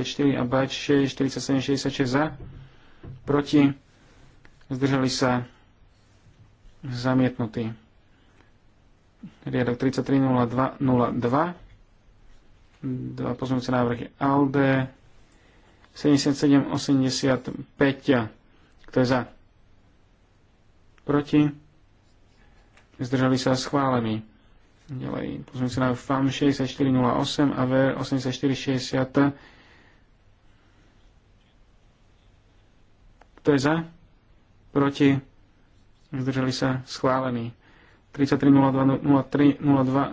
Speaker 1: 80.64 a 47, 47.66 za. Proti. Zdržali sa. Zamietnutý riadok 330202, dva pozmeňujúce návrhy ALDE, 7785, kto je za? Proti? Zdržali sa schválení. Ďalej, pozmeňujúce návrhy FAM 6408 a VR 8460, kto je za? Proti? Zdržali sa schválení 3302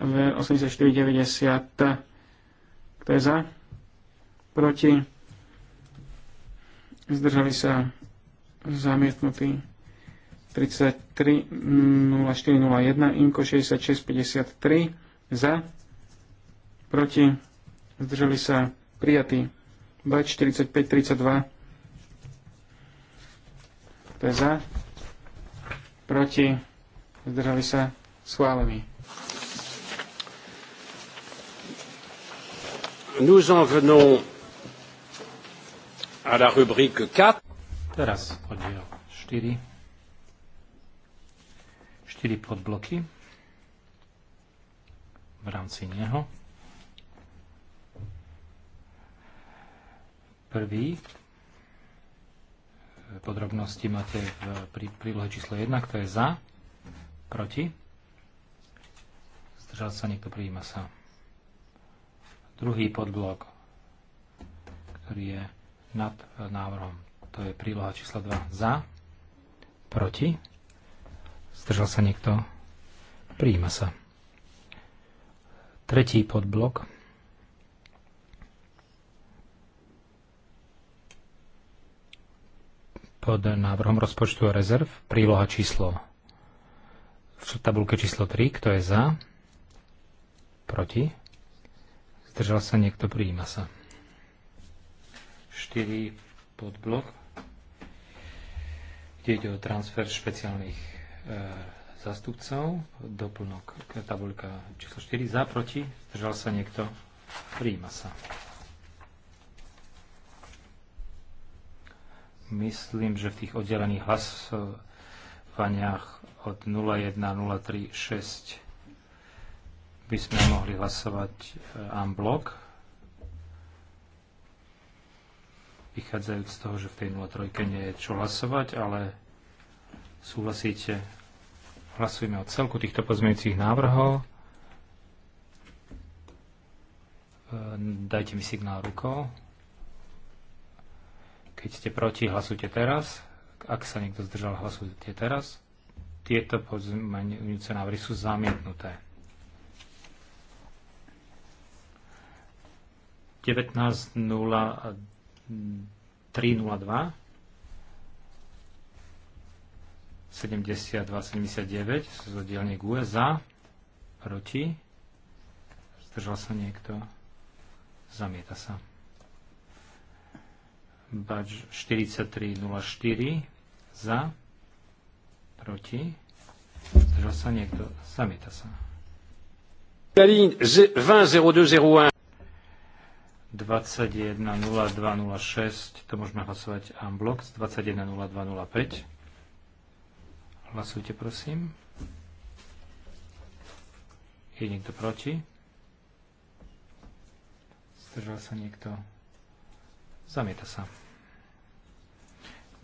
Speaker 1: v 8490. Kto je za? Proti? Zdržali sa zamietnutí 330401, Inko 6653 za, proti, zdržali sa prijatí B 4532, to je za, proti, Zdržali sa? Schválený.
Speaker 3: Nous en venons à la rubrique 4. Teraz oddiel 4. 4 podbloky v rámci neho. Prvý podrobnosti máte v prílohe číslo 1, kto je za, Proti? Zdržal sa niekto, prijíma sa. Druhý podblok, ktorý je nad návrhom, to je príloha číslo 2. Za? Proti? Zdržal sa niekto? Prijíma sa. Tretí podblok. Pod návrhom rozpočtu a rezerv príloha číslo v tabulke číslo 3. Kto je za? Proti? Zdržal sa niekto, prijíma sa. 4 podblok, kde ide o transfer špeciálnych e, zastupcov, doplnok tabulka číslo 4, za, proti, zdržal sa niekto, prijíma sa. Myslím, že v tých oddelených hlasov hlasovaniach od 01036 by sme mohli hlasovať eh, en blok, vychádzajúc z toho, že v tej 03 nie je čo hlasovať, ale súhlasíte, hlasujeme o celku týchto pozmeňujúcich návrhov. Eh, dajte mi signál rukou. Keď ste proti, hlasujte teraz. Ak sa niekto zdržal, hlasujte teraz. Tieto pozmeňujúce návrhy sú zamietnuté. 19.03.02 72-79 z oddielne GUE za, proti, zdržal sa niekto, zamieta sa. Bač 4304 za. Proti. Zdržal sa niekto. Zamieta sa.
Speaker 1: 21.02.06,
Speaker 3: to môžeme hlasovať en blok, 21.02.05. Hlasujte, prosím. Je niekto proti? Zdržal sa niekto? Zamieta sa.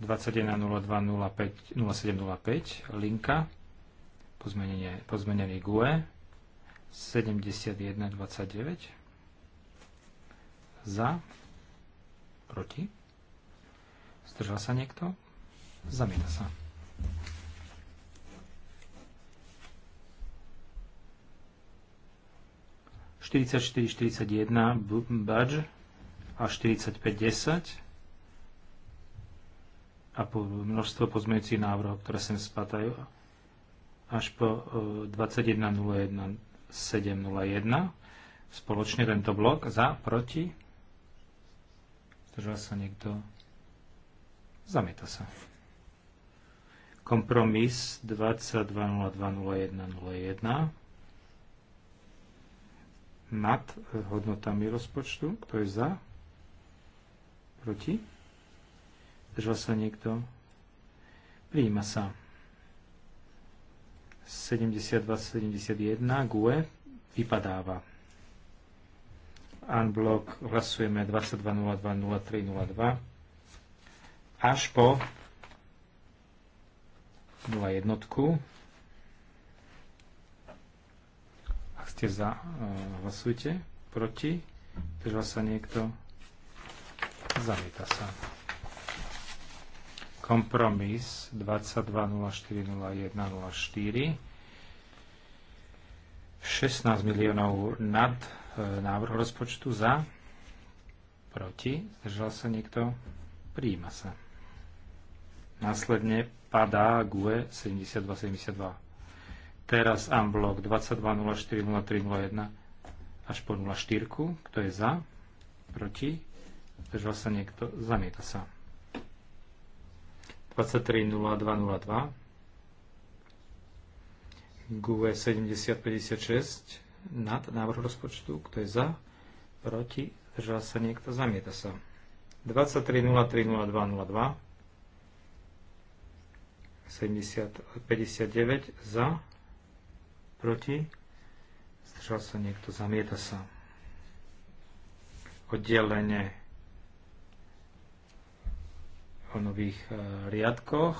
Speaker 3: 21.02.07.05 linka pozmenený GUE 71.29 za proti zdržal sa niekto zamieta sa Štyridsaťštyri, štyridsaťjedna, budž a štyridsaťpäť, desať a po množstvo pozmeňujúcich návrhov, ktoré sem spadajú až po 21.01.701 e, spoločne tento blok za, proti zdržal sa niekto zamieta sa kompromis 22.02.01.01 nad e, hodnotami rozpočtu kto je za proti Zdržal sa niekto? Príjima sa. 72-71 GUE vypadáva. Unblock hlasujeme 22, 03 0302 až po 01. Ak ste za, eh, hlasujte. Proti. Držal sa niekto. Zamieta sa kompromis 22040104 16 miliónov nad e, návrh rozpočtu za proti zdržal sa niekto príjima sa následne padá GUE 7272 teraz unblock 22040301 až po 04 kto je za proti zdržal sa niekto zamieta sa 230202 GUE 7056 nad návrh rozpočtu, kto je za, proti, zdržal sa niekto, zamieta sa. 23030202 7059 za, proti, zdržal sa niekto, zamieta sa. Oddelenie o nových e, riadkoch.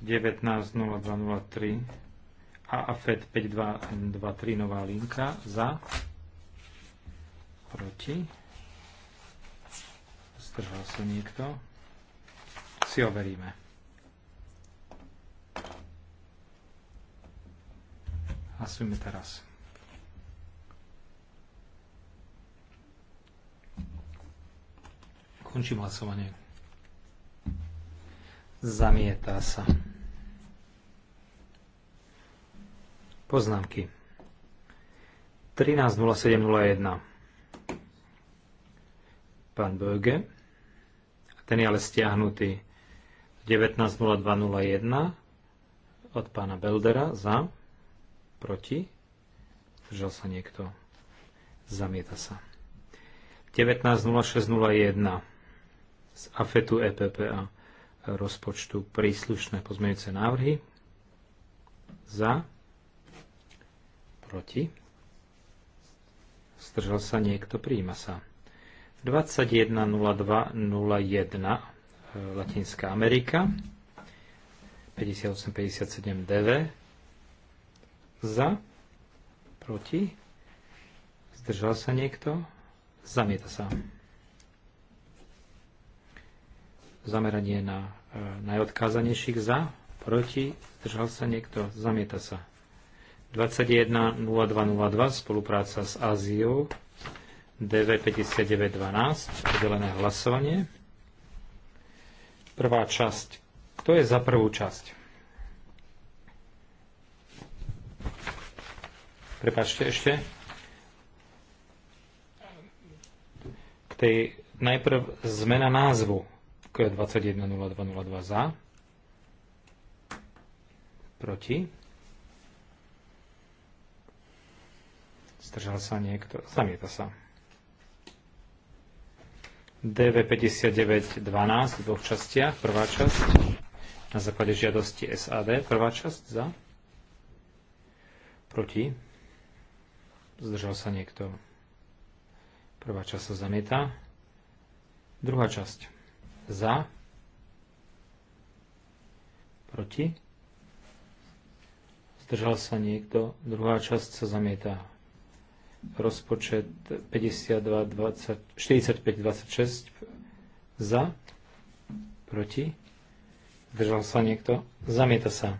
Speaker 3: 19.02.03 a AFED 523 nová linka za proti zdržal sa niekto si overíme hlasujme teraz Končím hlasovanie. Zamietá sa. Poznámky. 13.07.01 Pán Böge. Ten je ale stiahnutý 19.02.01 od pána Beldera za, proti, zdržal sa niekto, zamieta sa. 19.06.01 z AFETu, EPP a rozpočtu príslušné pozmeňujúce návrhy. Za. Proti. Zdržal sa niekto, príjma sa. 21.02.01 eh, Latinská Amerika 58.57 DV za proti zdržal sa niekto zamieta sa zameranie na e, najodkázanejších za, proti, zdržal sa niekto, zamieta sa. 21.02.02 spolupráca s Áziou, DV 59.12, oddelené hlasovanie. Prvá časť. Kto je za prvú časť? Prepačte ešte. K tej najprv zmena názvu k 210202 za, proti, zdržal sa niekto, zamieta sa. DV 5912 v dvoch častiach, prvá časť na základe žiadosti SAD, prvá časť za, proti, zdržal sa niekto, prvá časť sa zamieta, druhá časť za, proti, zdržal sa niekto, druhá časť sa zamietá. Rozpočet 52, 20, 45, 26 za, proti, zdržal sa niekto, zamieta sa.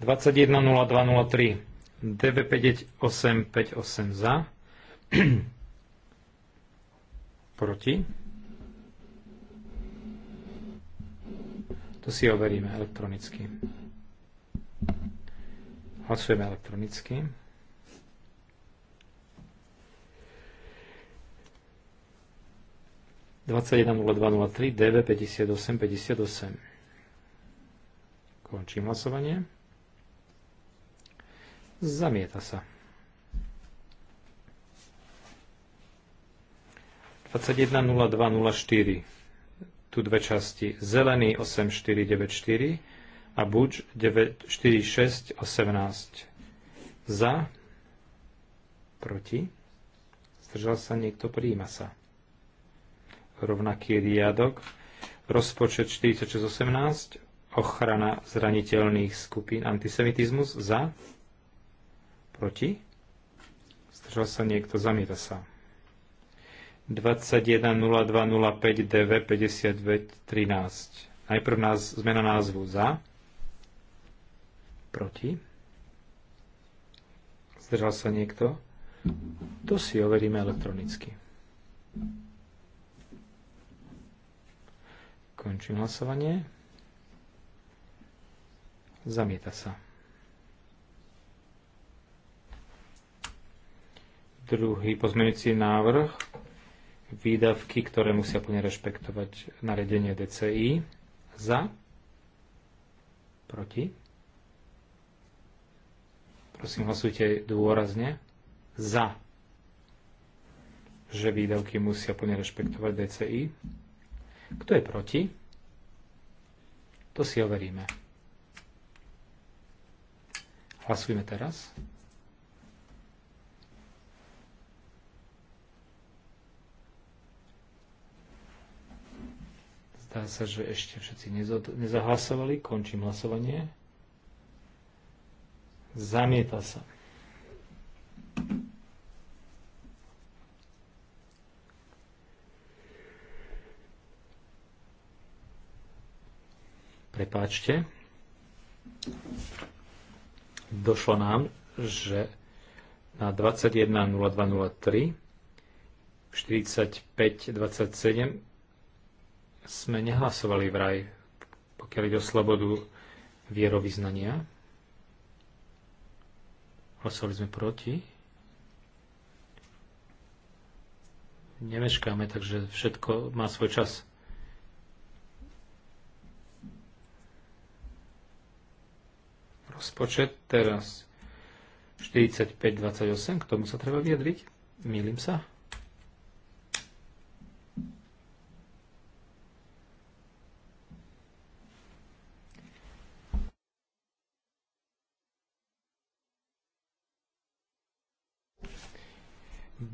Speaker 3: 21.02.03 DB5858 za, [CLEARS THROAT] proti, To si overíme elektronicky. Hlasujeme elektronicky. ...21.02.03, DV 58.58. Končím hlasovanie. Zamieta sa. 21.02.04 tu dve časti. Zelený 8494 a buč 4618. Za, proti, zdržal sa niekto, prijíma sa. Rovnaký riadok, rozpočet 4618, ochrana zraniteľných skupín, antisemitizmus, za, proti, zdržal sa niekto, zamieta sa. 210205 DV 5213. Najprv nás, zmena názvu za, proti. Zdržal sa niekto? To si overíme elektronicky. Končím hlasovanie. Zamieta sa. Druhý pozmeňujúci návrh výdavky, ktoré musia plne rešpektovať nariadenie DCI. Za? Proti? Prosím, hlasujte dôrazne. Za, že výdavky musia plne rešpektovať DCI. Kto je proti? To si overíme. Hlasujme teraz. Zdá sa, že ešte všetci nezahlasovali. Končím hlasovanie. Zamieta sa. Prepáčte. Došlo nám, že na 21.02.03 45.27 sme nehlasovali vraj, pokiaľ ide o slobodu vierovýznania. Hlasovali sme proti. Nemeškáme, takže všetko má svoj čas. Rozpočet teraz 45-28, k tomu sa treba vyjadriť. Milím sa.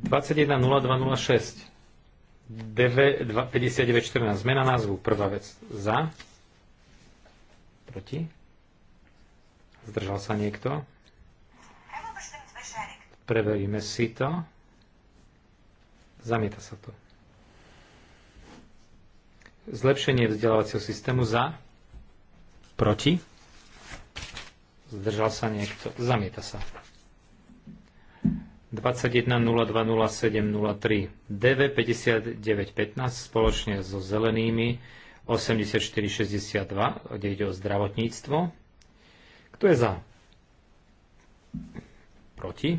Speaker 3: 21.02.06 59.14 zmena názvu prvá vec za proti zdržal sa niekto preveríme si to zamieta sa to zlepšenie vzdelávacieho systému za proti zdržal sa niekto zamieta sa 21020703 DV 5915 spoločne so zelenými 8462, kde ide o zdravotníctvo. Kto je za? Proti?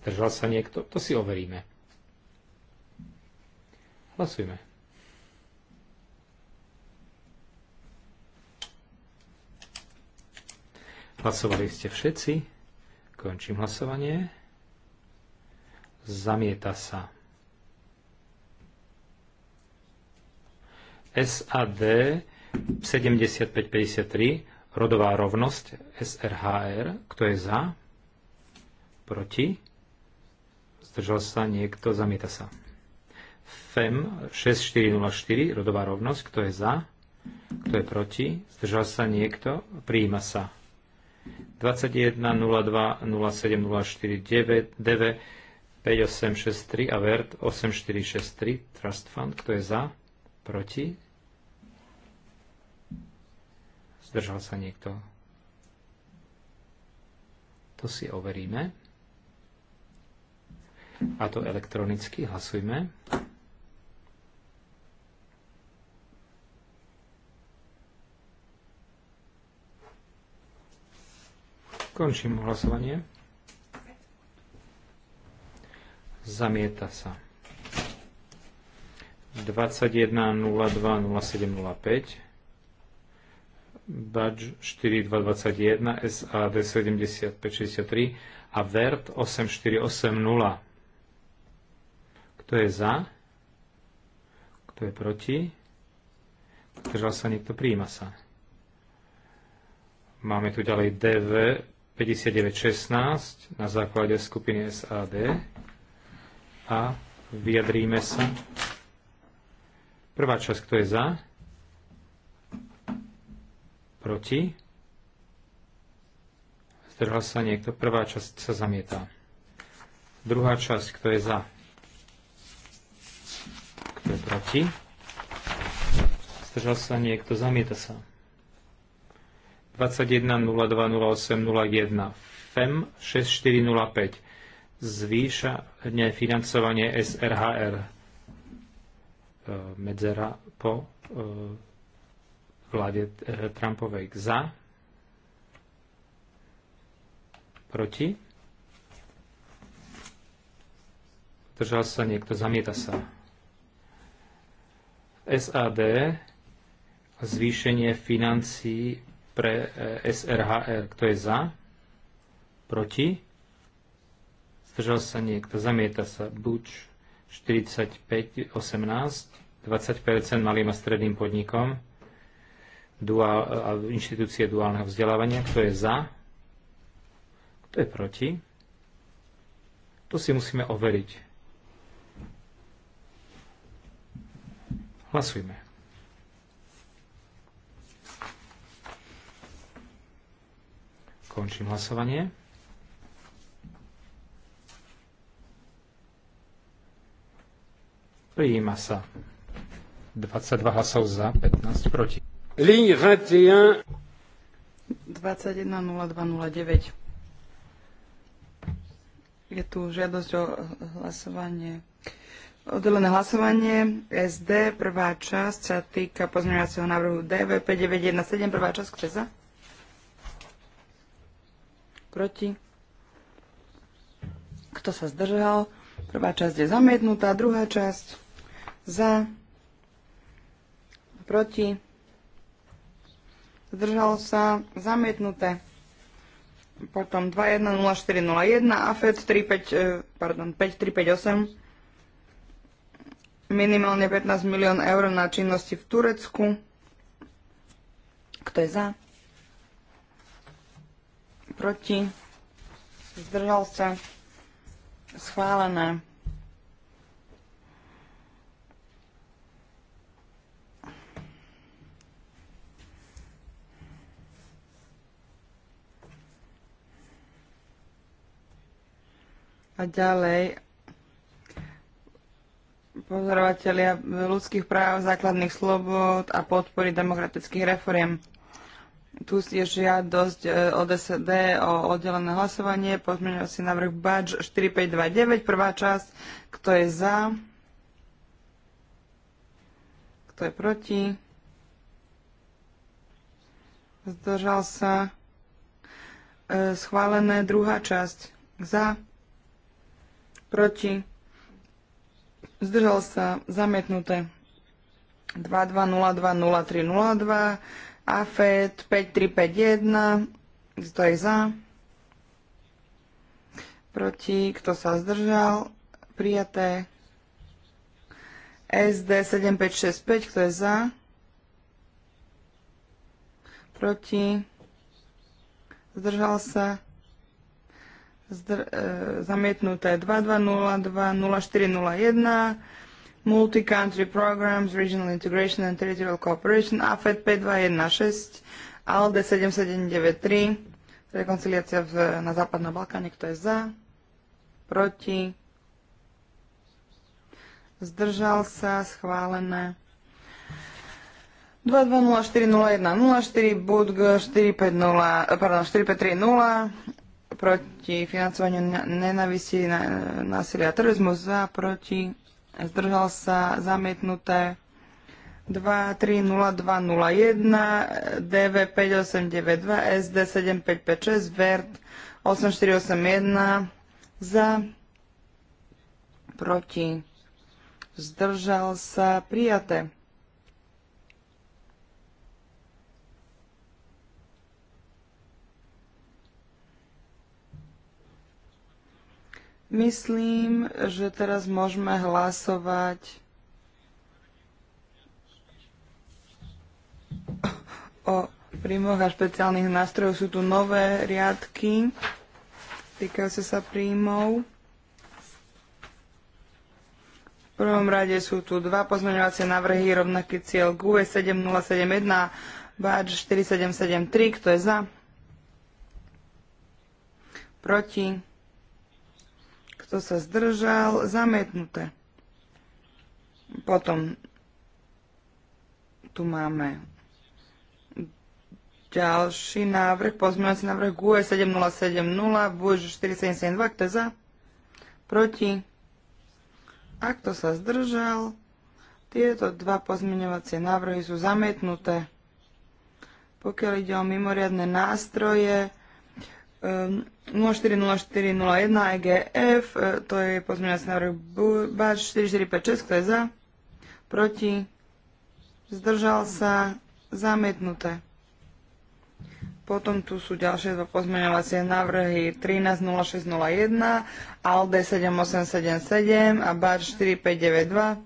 Speaker 3: Zdržal sa niekto? To si overíme. Hlasujme. Hlasovali ste všetci? Končím hlasovanie. Zamieta sa. SAD 7553, rodová rovnosť, SRHR, kto je za? Proti? Zdržal sa niekto, zamieta sa. FEM 6404, rodová rovnosť, kto je za? Kto je proti? Zdržal sa niekto? Prijíma sa. 21 02 07 049 DV 5863 a VERT 8463 Trust Fund. Kto je za? Proti? Zdržal sa niekto? To si overíme. A to elektronicky. Hlasujme. Končím hlasovanie. Zamieta sa. 21.02.07.05 Badge 4221 SAD 7563 a VERT 8480 Kto je za? Kto je proti? Zdržal sa niekto? Príjima sa. Máme tu ďalej DV 59.16 na základe skupiny SAD a vyjadríme sa. Prvá časť, kto je za? Proti? Zdržal sa niekto? Prvá časť sa zamietá. Druhá časť, kto je za? Kto je proti? Zdržal sa niekto? Zamieta sa. 21020801 FEM 6405 zvýšenie financovanie SRHR e, medzera po e, vláde e, Trumpovej za proti držal sa niekto, zamieta sa SAD zvýšenie financií pre e, SRHR. Kto je za? Proti? Zdržal sa niekto? Zamieta sa. buď 45, 18, 20% malým a stredným podnikom duál, a inštitúcie duálneho vzdelávania. Kto je za? Kto je proti? To si musíme overiť. Hlasujme. Končím hlasovanie. Prijíma sa. 22 hlasov za, 15 proti. Línie 21.
Speaker 2: 21.02.09. Je tu žiadosť o hlasovanie. Oddelené hlasovanie SD, prvá časť sa týka pozmeňovacieho návrhu DV 5917, prvá časť, kto za? proti, kto sa zdržal. Prvá časť je zamietnutá, druhá časť za, proti, zdržal sa, zamietnuté. Potom 210401 a FED 35, pardon, 5358 minimálne 15 milión eur na činnosti v Turecku. Kto je za? proti, zdržal sa, schválené. A ďalej, pozorovatelia ľudských práv, základných slobod a podpory demokratických reforiem. Tu je žiadosť e, od SD o oddelené hlasovanie, si návrh BAČ 4529, prvá časť, kto je za, kto je proti, zdržal sa, e, schválené druhá časť, za, proti, zdržal sa, zamietnuté 22020302, AFED 5351, kto je za? Proti, kto sa zdržal? Prijaté. SD 7565, kto je za? Proti. Zdržal sa. Zdr- e, zamietnuté 22020 0401 multi-country programs, regional integration and territorial cooperation, AFED 5216, ALDE 7793, rekonciliácia v, na Západnom Balkáne, kto je za, proti, zdržal sa, schválené. 2204-0104, BUDG 450, pardon, 4530, proti financovaniu nenavisti, násilia a terorizmu, za, proti, zdržal sa, zamietnuté. 230201, DV 5892, SD 7556, VERT 8481, za, proti, zdržal sa, prijaté. Myslím, že teraz môžeme hlasovať o príjmoch a špeciálnych nástrojov. Sú tu nové riadky, Týkajú sa príjmov. V prvom rade sú tu dva pozmeňovacie návrhy, rovnaký cieľ GUE 7071 a BAČ 4773. Kto je za? Proti? Kto sa zdržal? zametnuté. Potom tu máme ďalší návrh, pozmeňovací návrh GUE 7070, BUŽ 4772, kto je za? Proti? A kto sa zdržal? Tieto dva pozmeňovacie návrhy sú zametnuté. Pokiaľ ide o mimoriadne nástroje, 040401 ehm, EGF, e, to je pozmeňovací návrh BAČ 4456, kto je za, proti, zdržal sa, zamietnuté. Potom tu sú ďalšie dva pozmeňovacie návrhy 130601, ALDE 7877 a BAR 4592.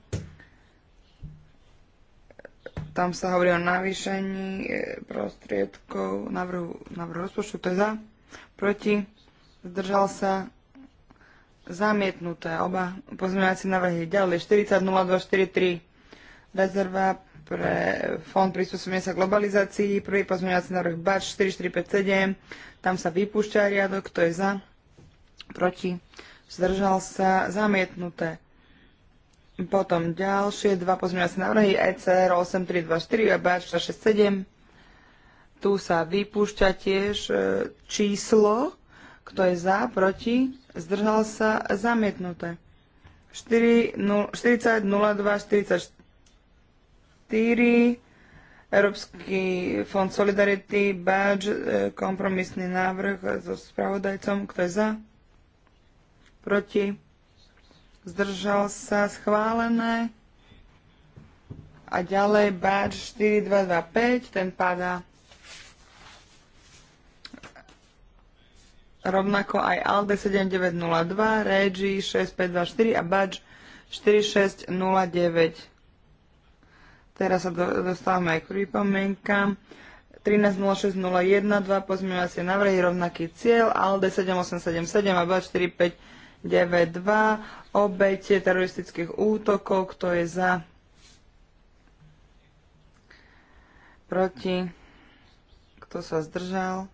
Speaker 2: Tam sa hovorí o navýšení e, prostriedkov návrhu rozpočtu, to je za proti, zdržal sa, zamietnuté. Oba pozmeňovací návrhy. Ďalej 400243 rezerva pre fond prispôsobenia sa globalizácii. Prvý pozmeňovací návrh BAČ 4457. Tam sa vypúšťa riadok. Kto je za? Proti. Zdržal sa. Zamietnuté. Potom ďalšie dva pozmeňovací návrhy ECR 8324 a BAČ 667 tu sa vypúšťa tiež e, číslo, kto je za, proti, zdržal sa, zamietnuté. 4, 0, 40, 02, 44, Európsky fond Solidarity, badge, e, kompromisný návrh so spravodajcom, kto je za, proti, zdržal sa, schválené. A ďalej badge 4225, ten padá. rovnako aj ALDE 7902, REGI 6524 a Badge 4609. Teraz sa dostávame aj k pripomienkam. 13.06.01, dva pozmeňovacie návrhy, rovnaký cieľ, ALDE 7877 a 24592, 4592, obete teroristických útokov, kto je za, proti, kto sa zdržal.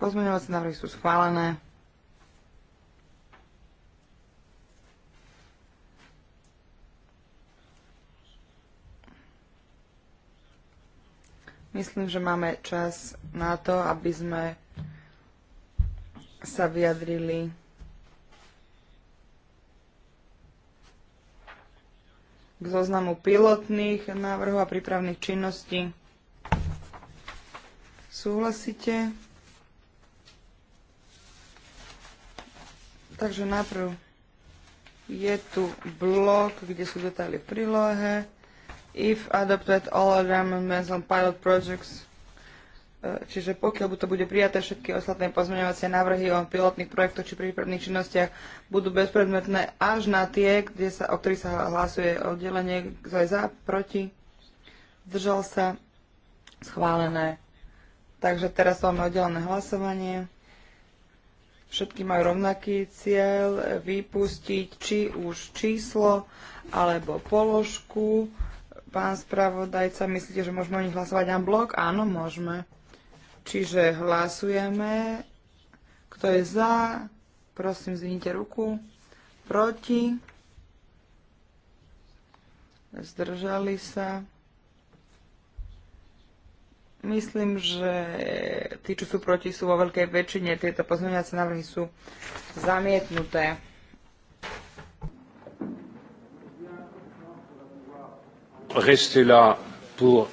Speaker 2: Pozmeňovacie návrhy sú schválené. Myslím, že máme čas na to, aby sme sa vyjadrili k zoznamu pilotných návrhov a prípravných činností. Súhlasíte? Takže najprv je tu blok, kde sú detaily v prílohe. If adopted all amendments on pilot projects, e, čiže pokiaľ to bude prijaté, všetky ostatné pozmeňovacie návrhy o pilotných projektoch či prípravných činnostiach budú bezpredmetné až na tie, kde sa, o ktorých sa hlasuje oddelenie, kto je za, proti, zdržal sa, schválené. Takže teraz máme oddelené hlasovanie. Všetky majú rovnaký cieľ vypustiť či už číslo alebo položku. Pán spravodajca, myslíte, že môžeme o nich hlasovať na blok? Áno, môžeme. Čiže hlasujeme. Kto je za? Prosím, zvinite ruku. Proti? Zdržali sa. Myslím, že tí, čo sú proti, sú vo veľkej väčšine. Tieto pozmeňovacie návrhy sú zamietnuté.
Speaker 3: Restez là pour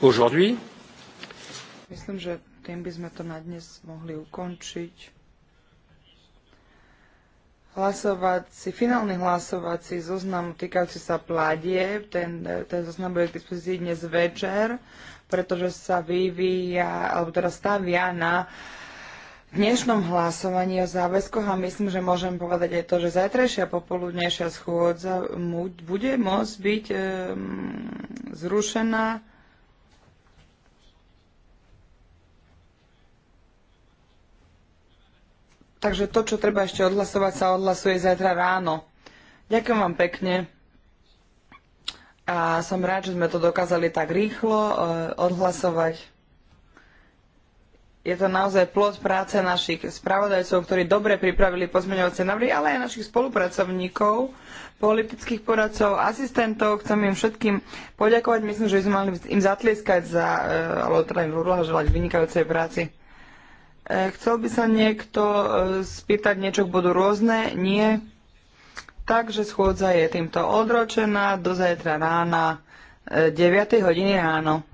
Speaker 3: aujourd'hui.
Speaker 2: Myslím, že tým by sme to na dnes mohli ukončiť. Hlasovací, finálny hlasovací zoznam týkajúci sa pladie, ten, ten zoznam bude k dispozícii dnes večer pretože sa vyvíja, alebo teda stavia na dnešnom hlasovaní o záväzkoch a myslím, že môžem povedať aj to, že zajtrajšia popoludnejšia schôdza bude môcť byť e, zrušená Takže to, čo treba ešte odhlasovať, sa odhlasuje zajtra ráno. Ďakujem vám pekne. A som rád, že sme to dokázali tak rýchlo e, odhlasovať. Je to naozaj plod práce našich spravodajcov, ktorí dobre pripravili pozmeňovacie návrhy, ale aj našich spolupracovníkov, politických poradcov, asistentov. Chcem im všetkým poďakovať. Myslím, že by sme mali im zatlieskať za, e, alebo teda im urlažovať vynikajúcej práci. E, chcel by sa niekto spýtať niečo k bodu rôzne? Nie. Takže schôdza je týmto odročená do zajtra rána 9. E, hodiny ráno.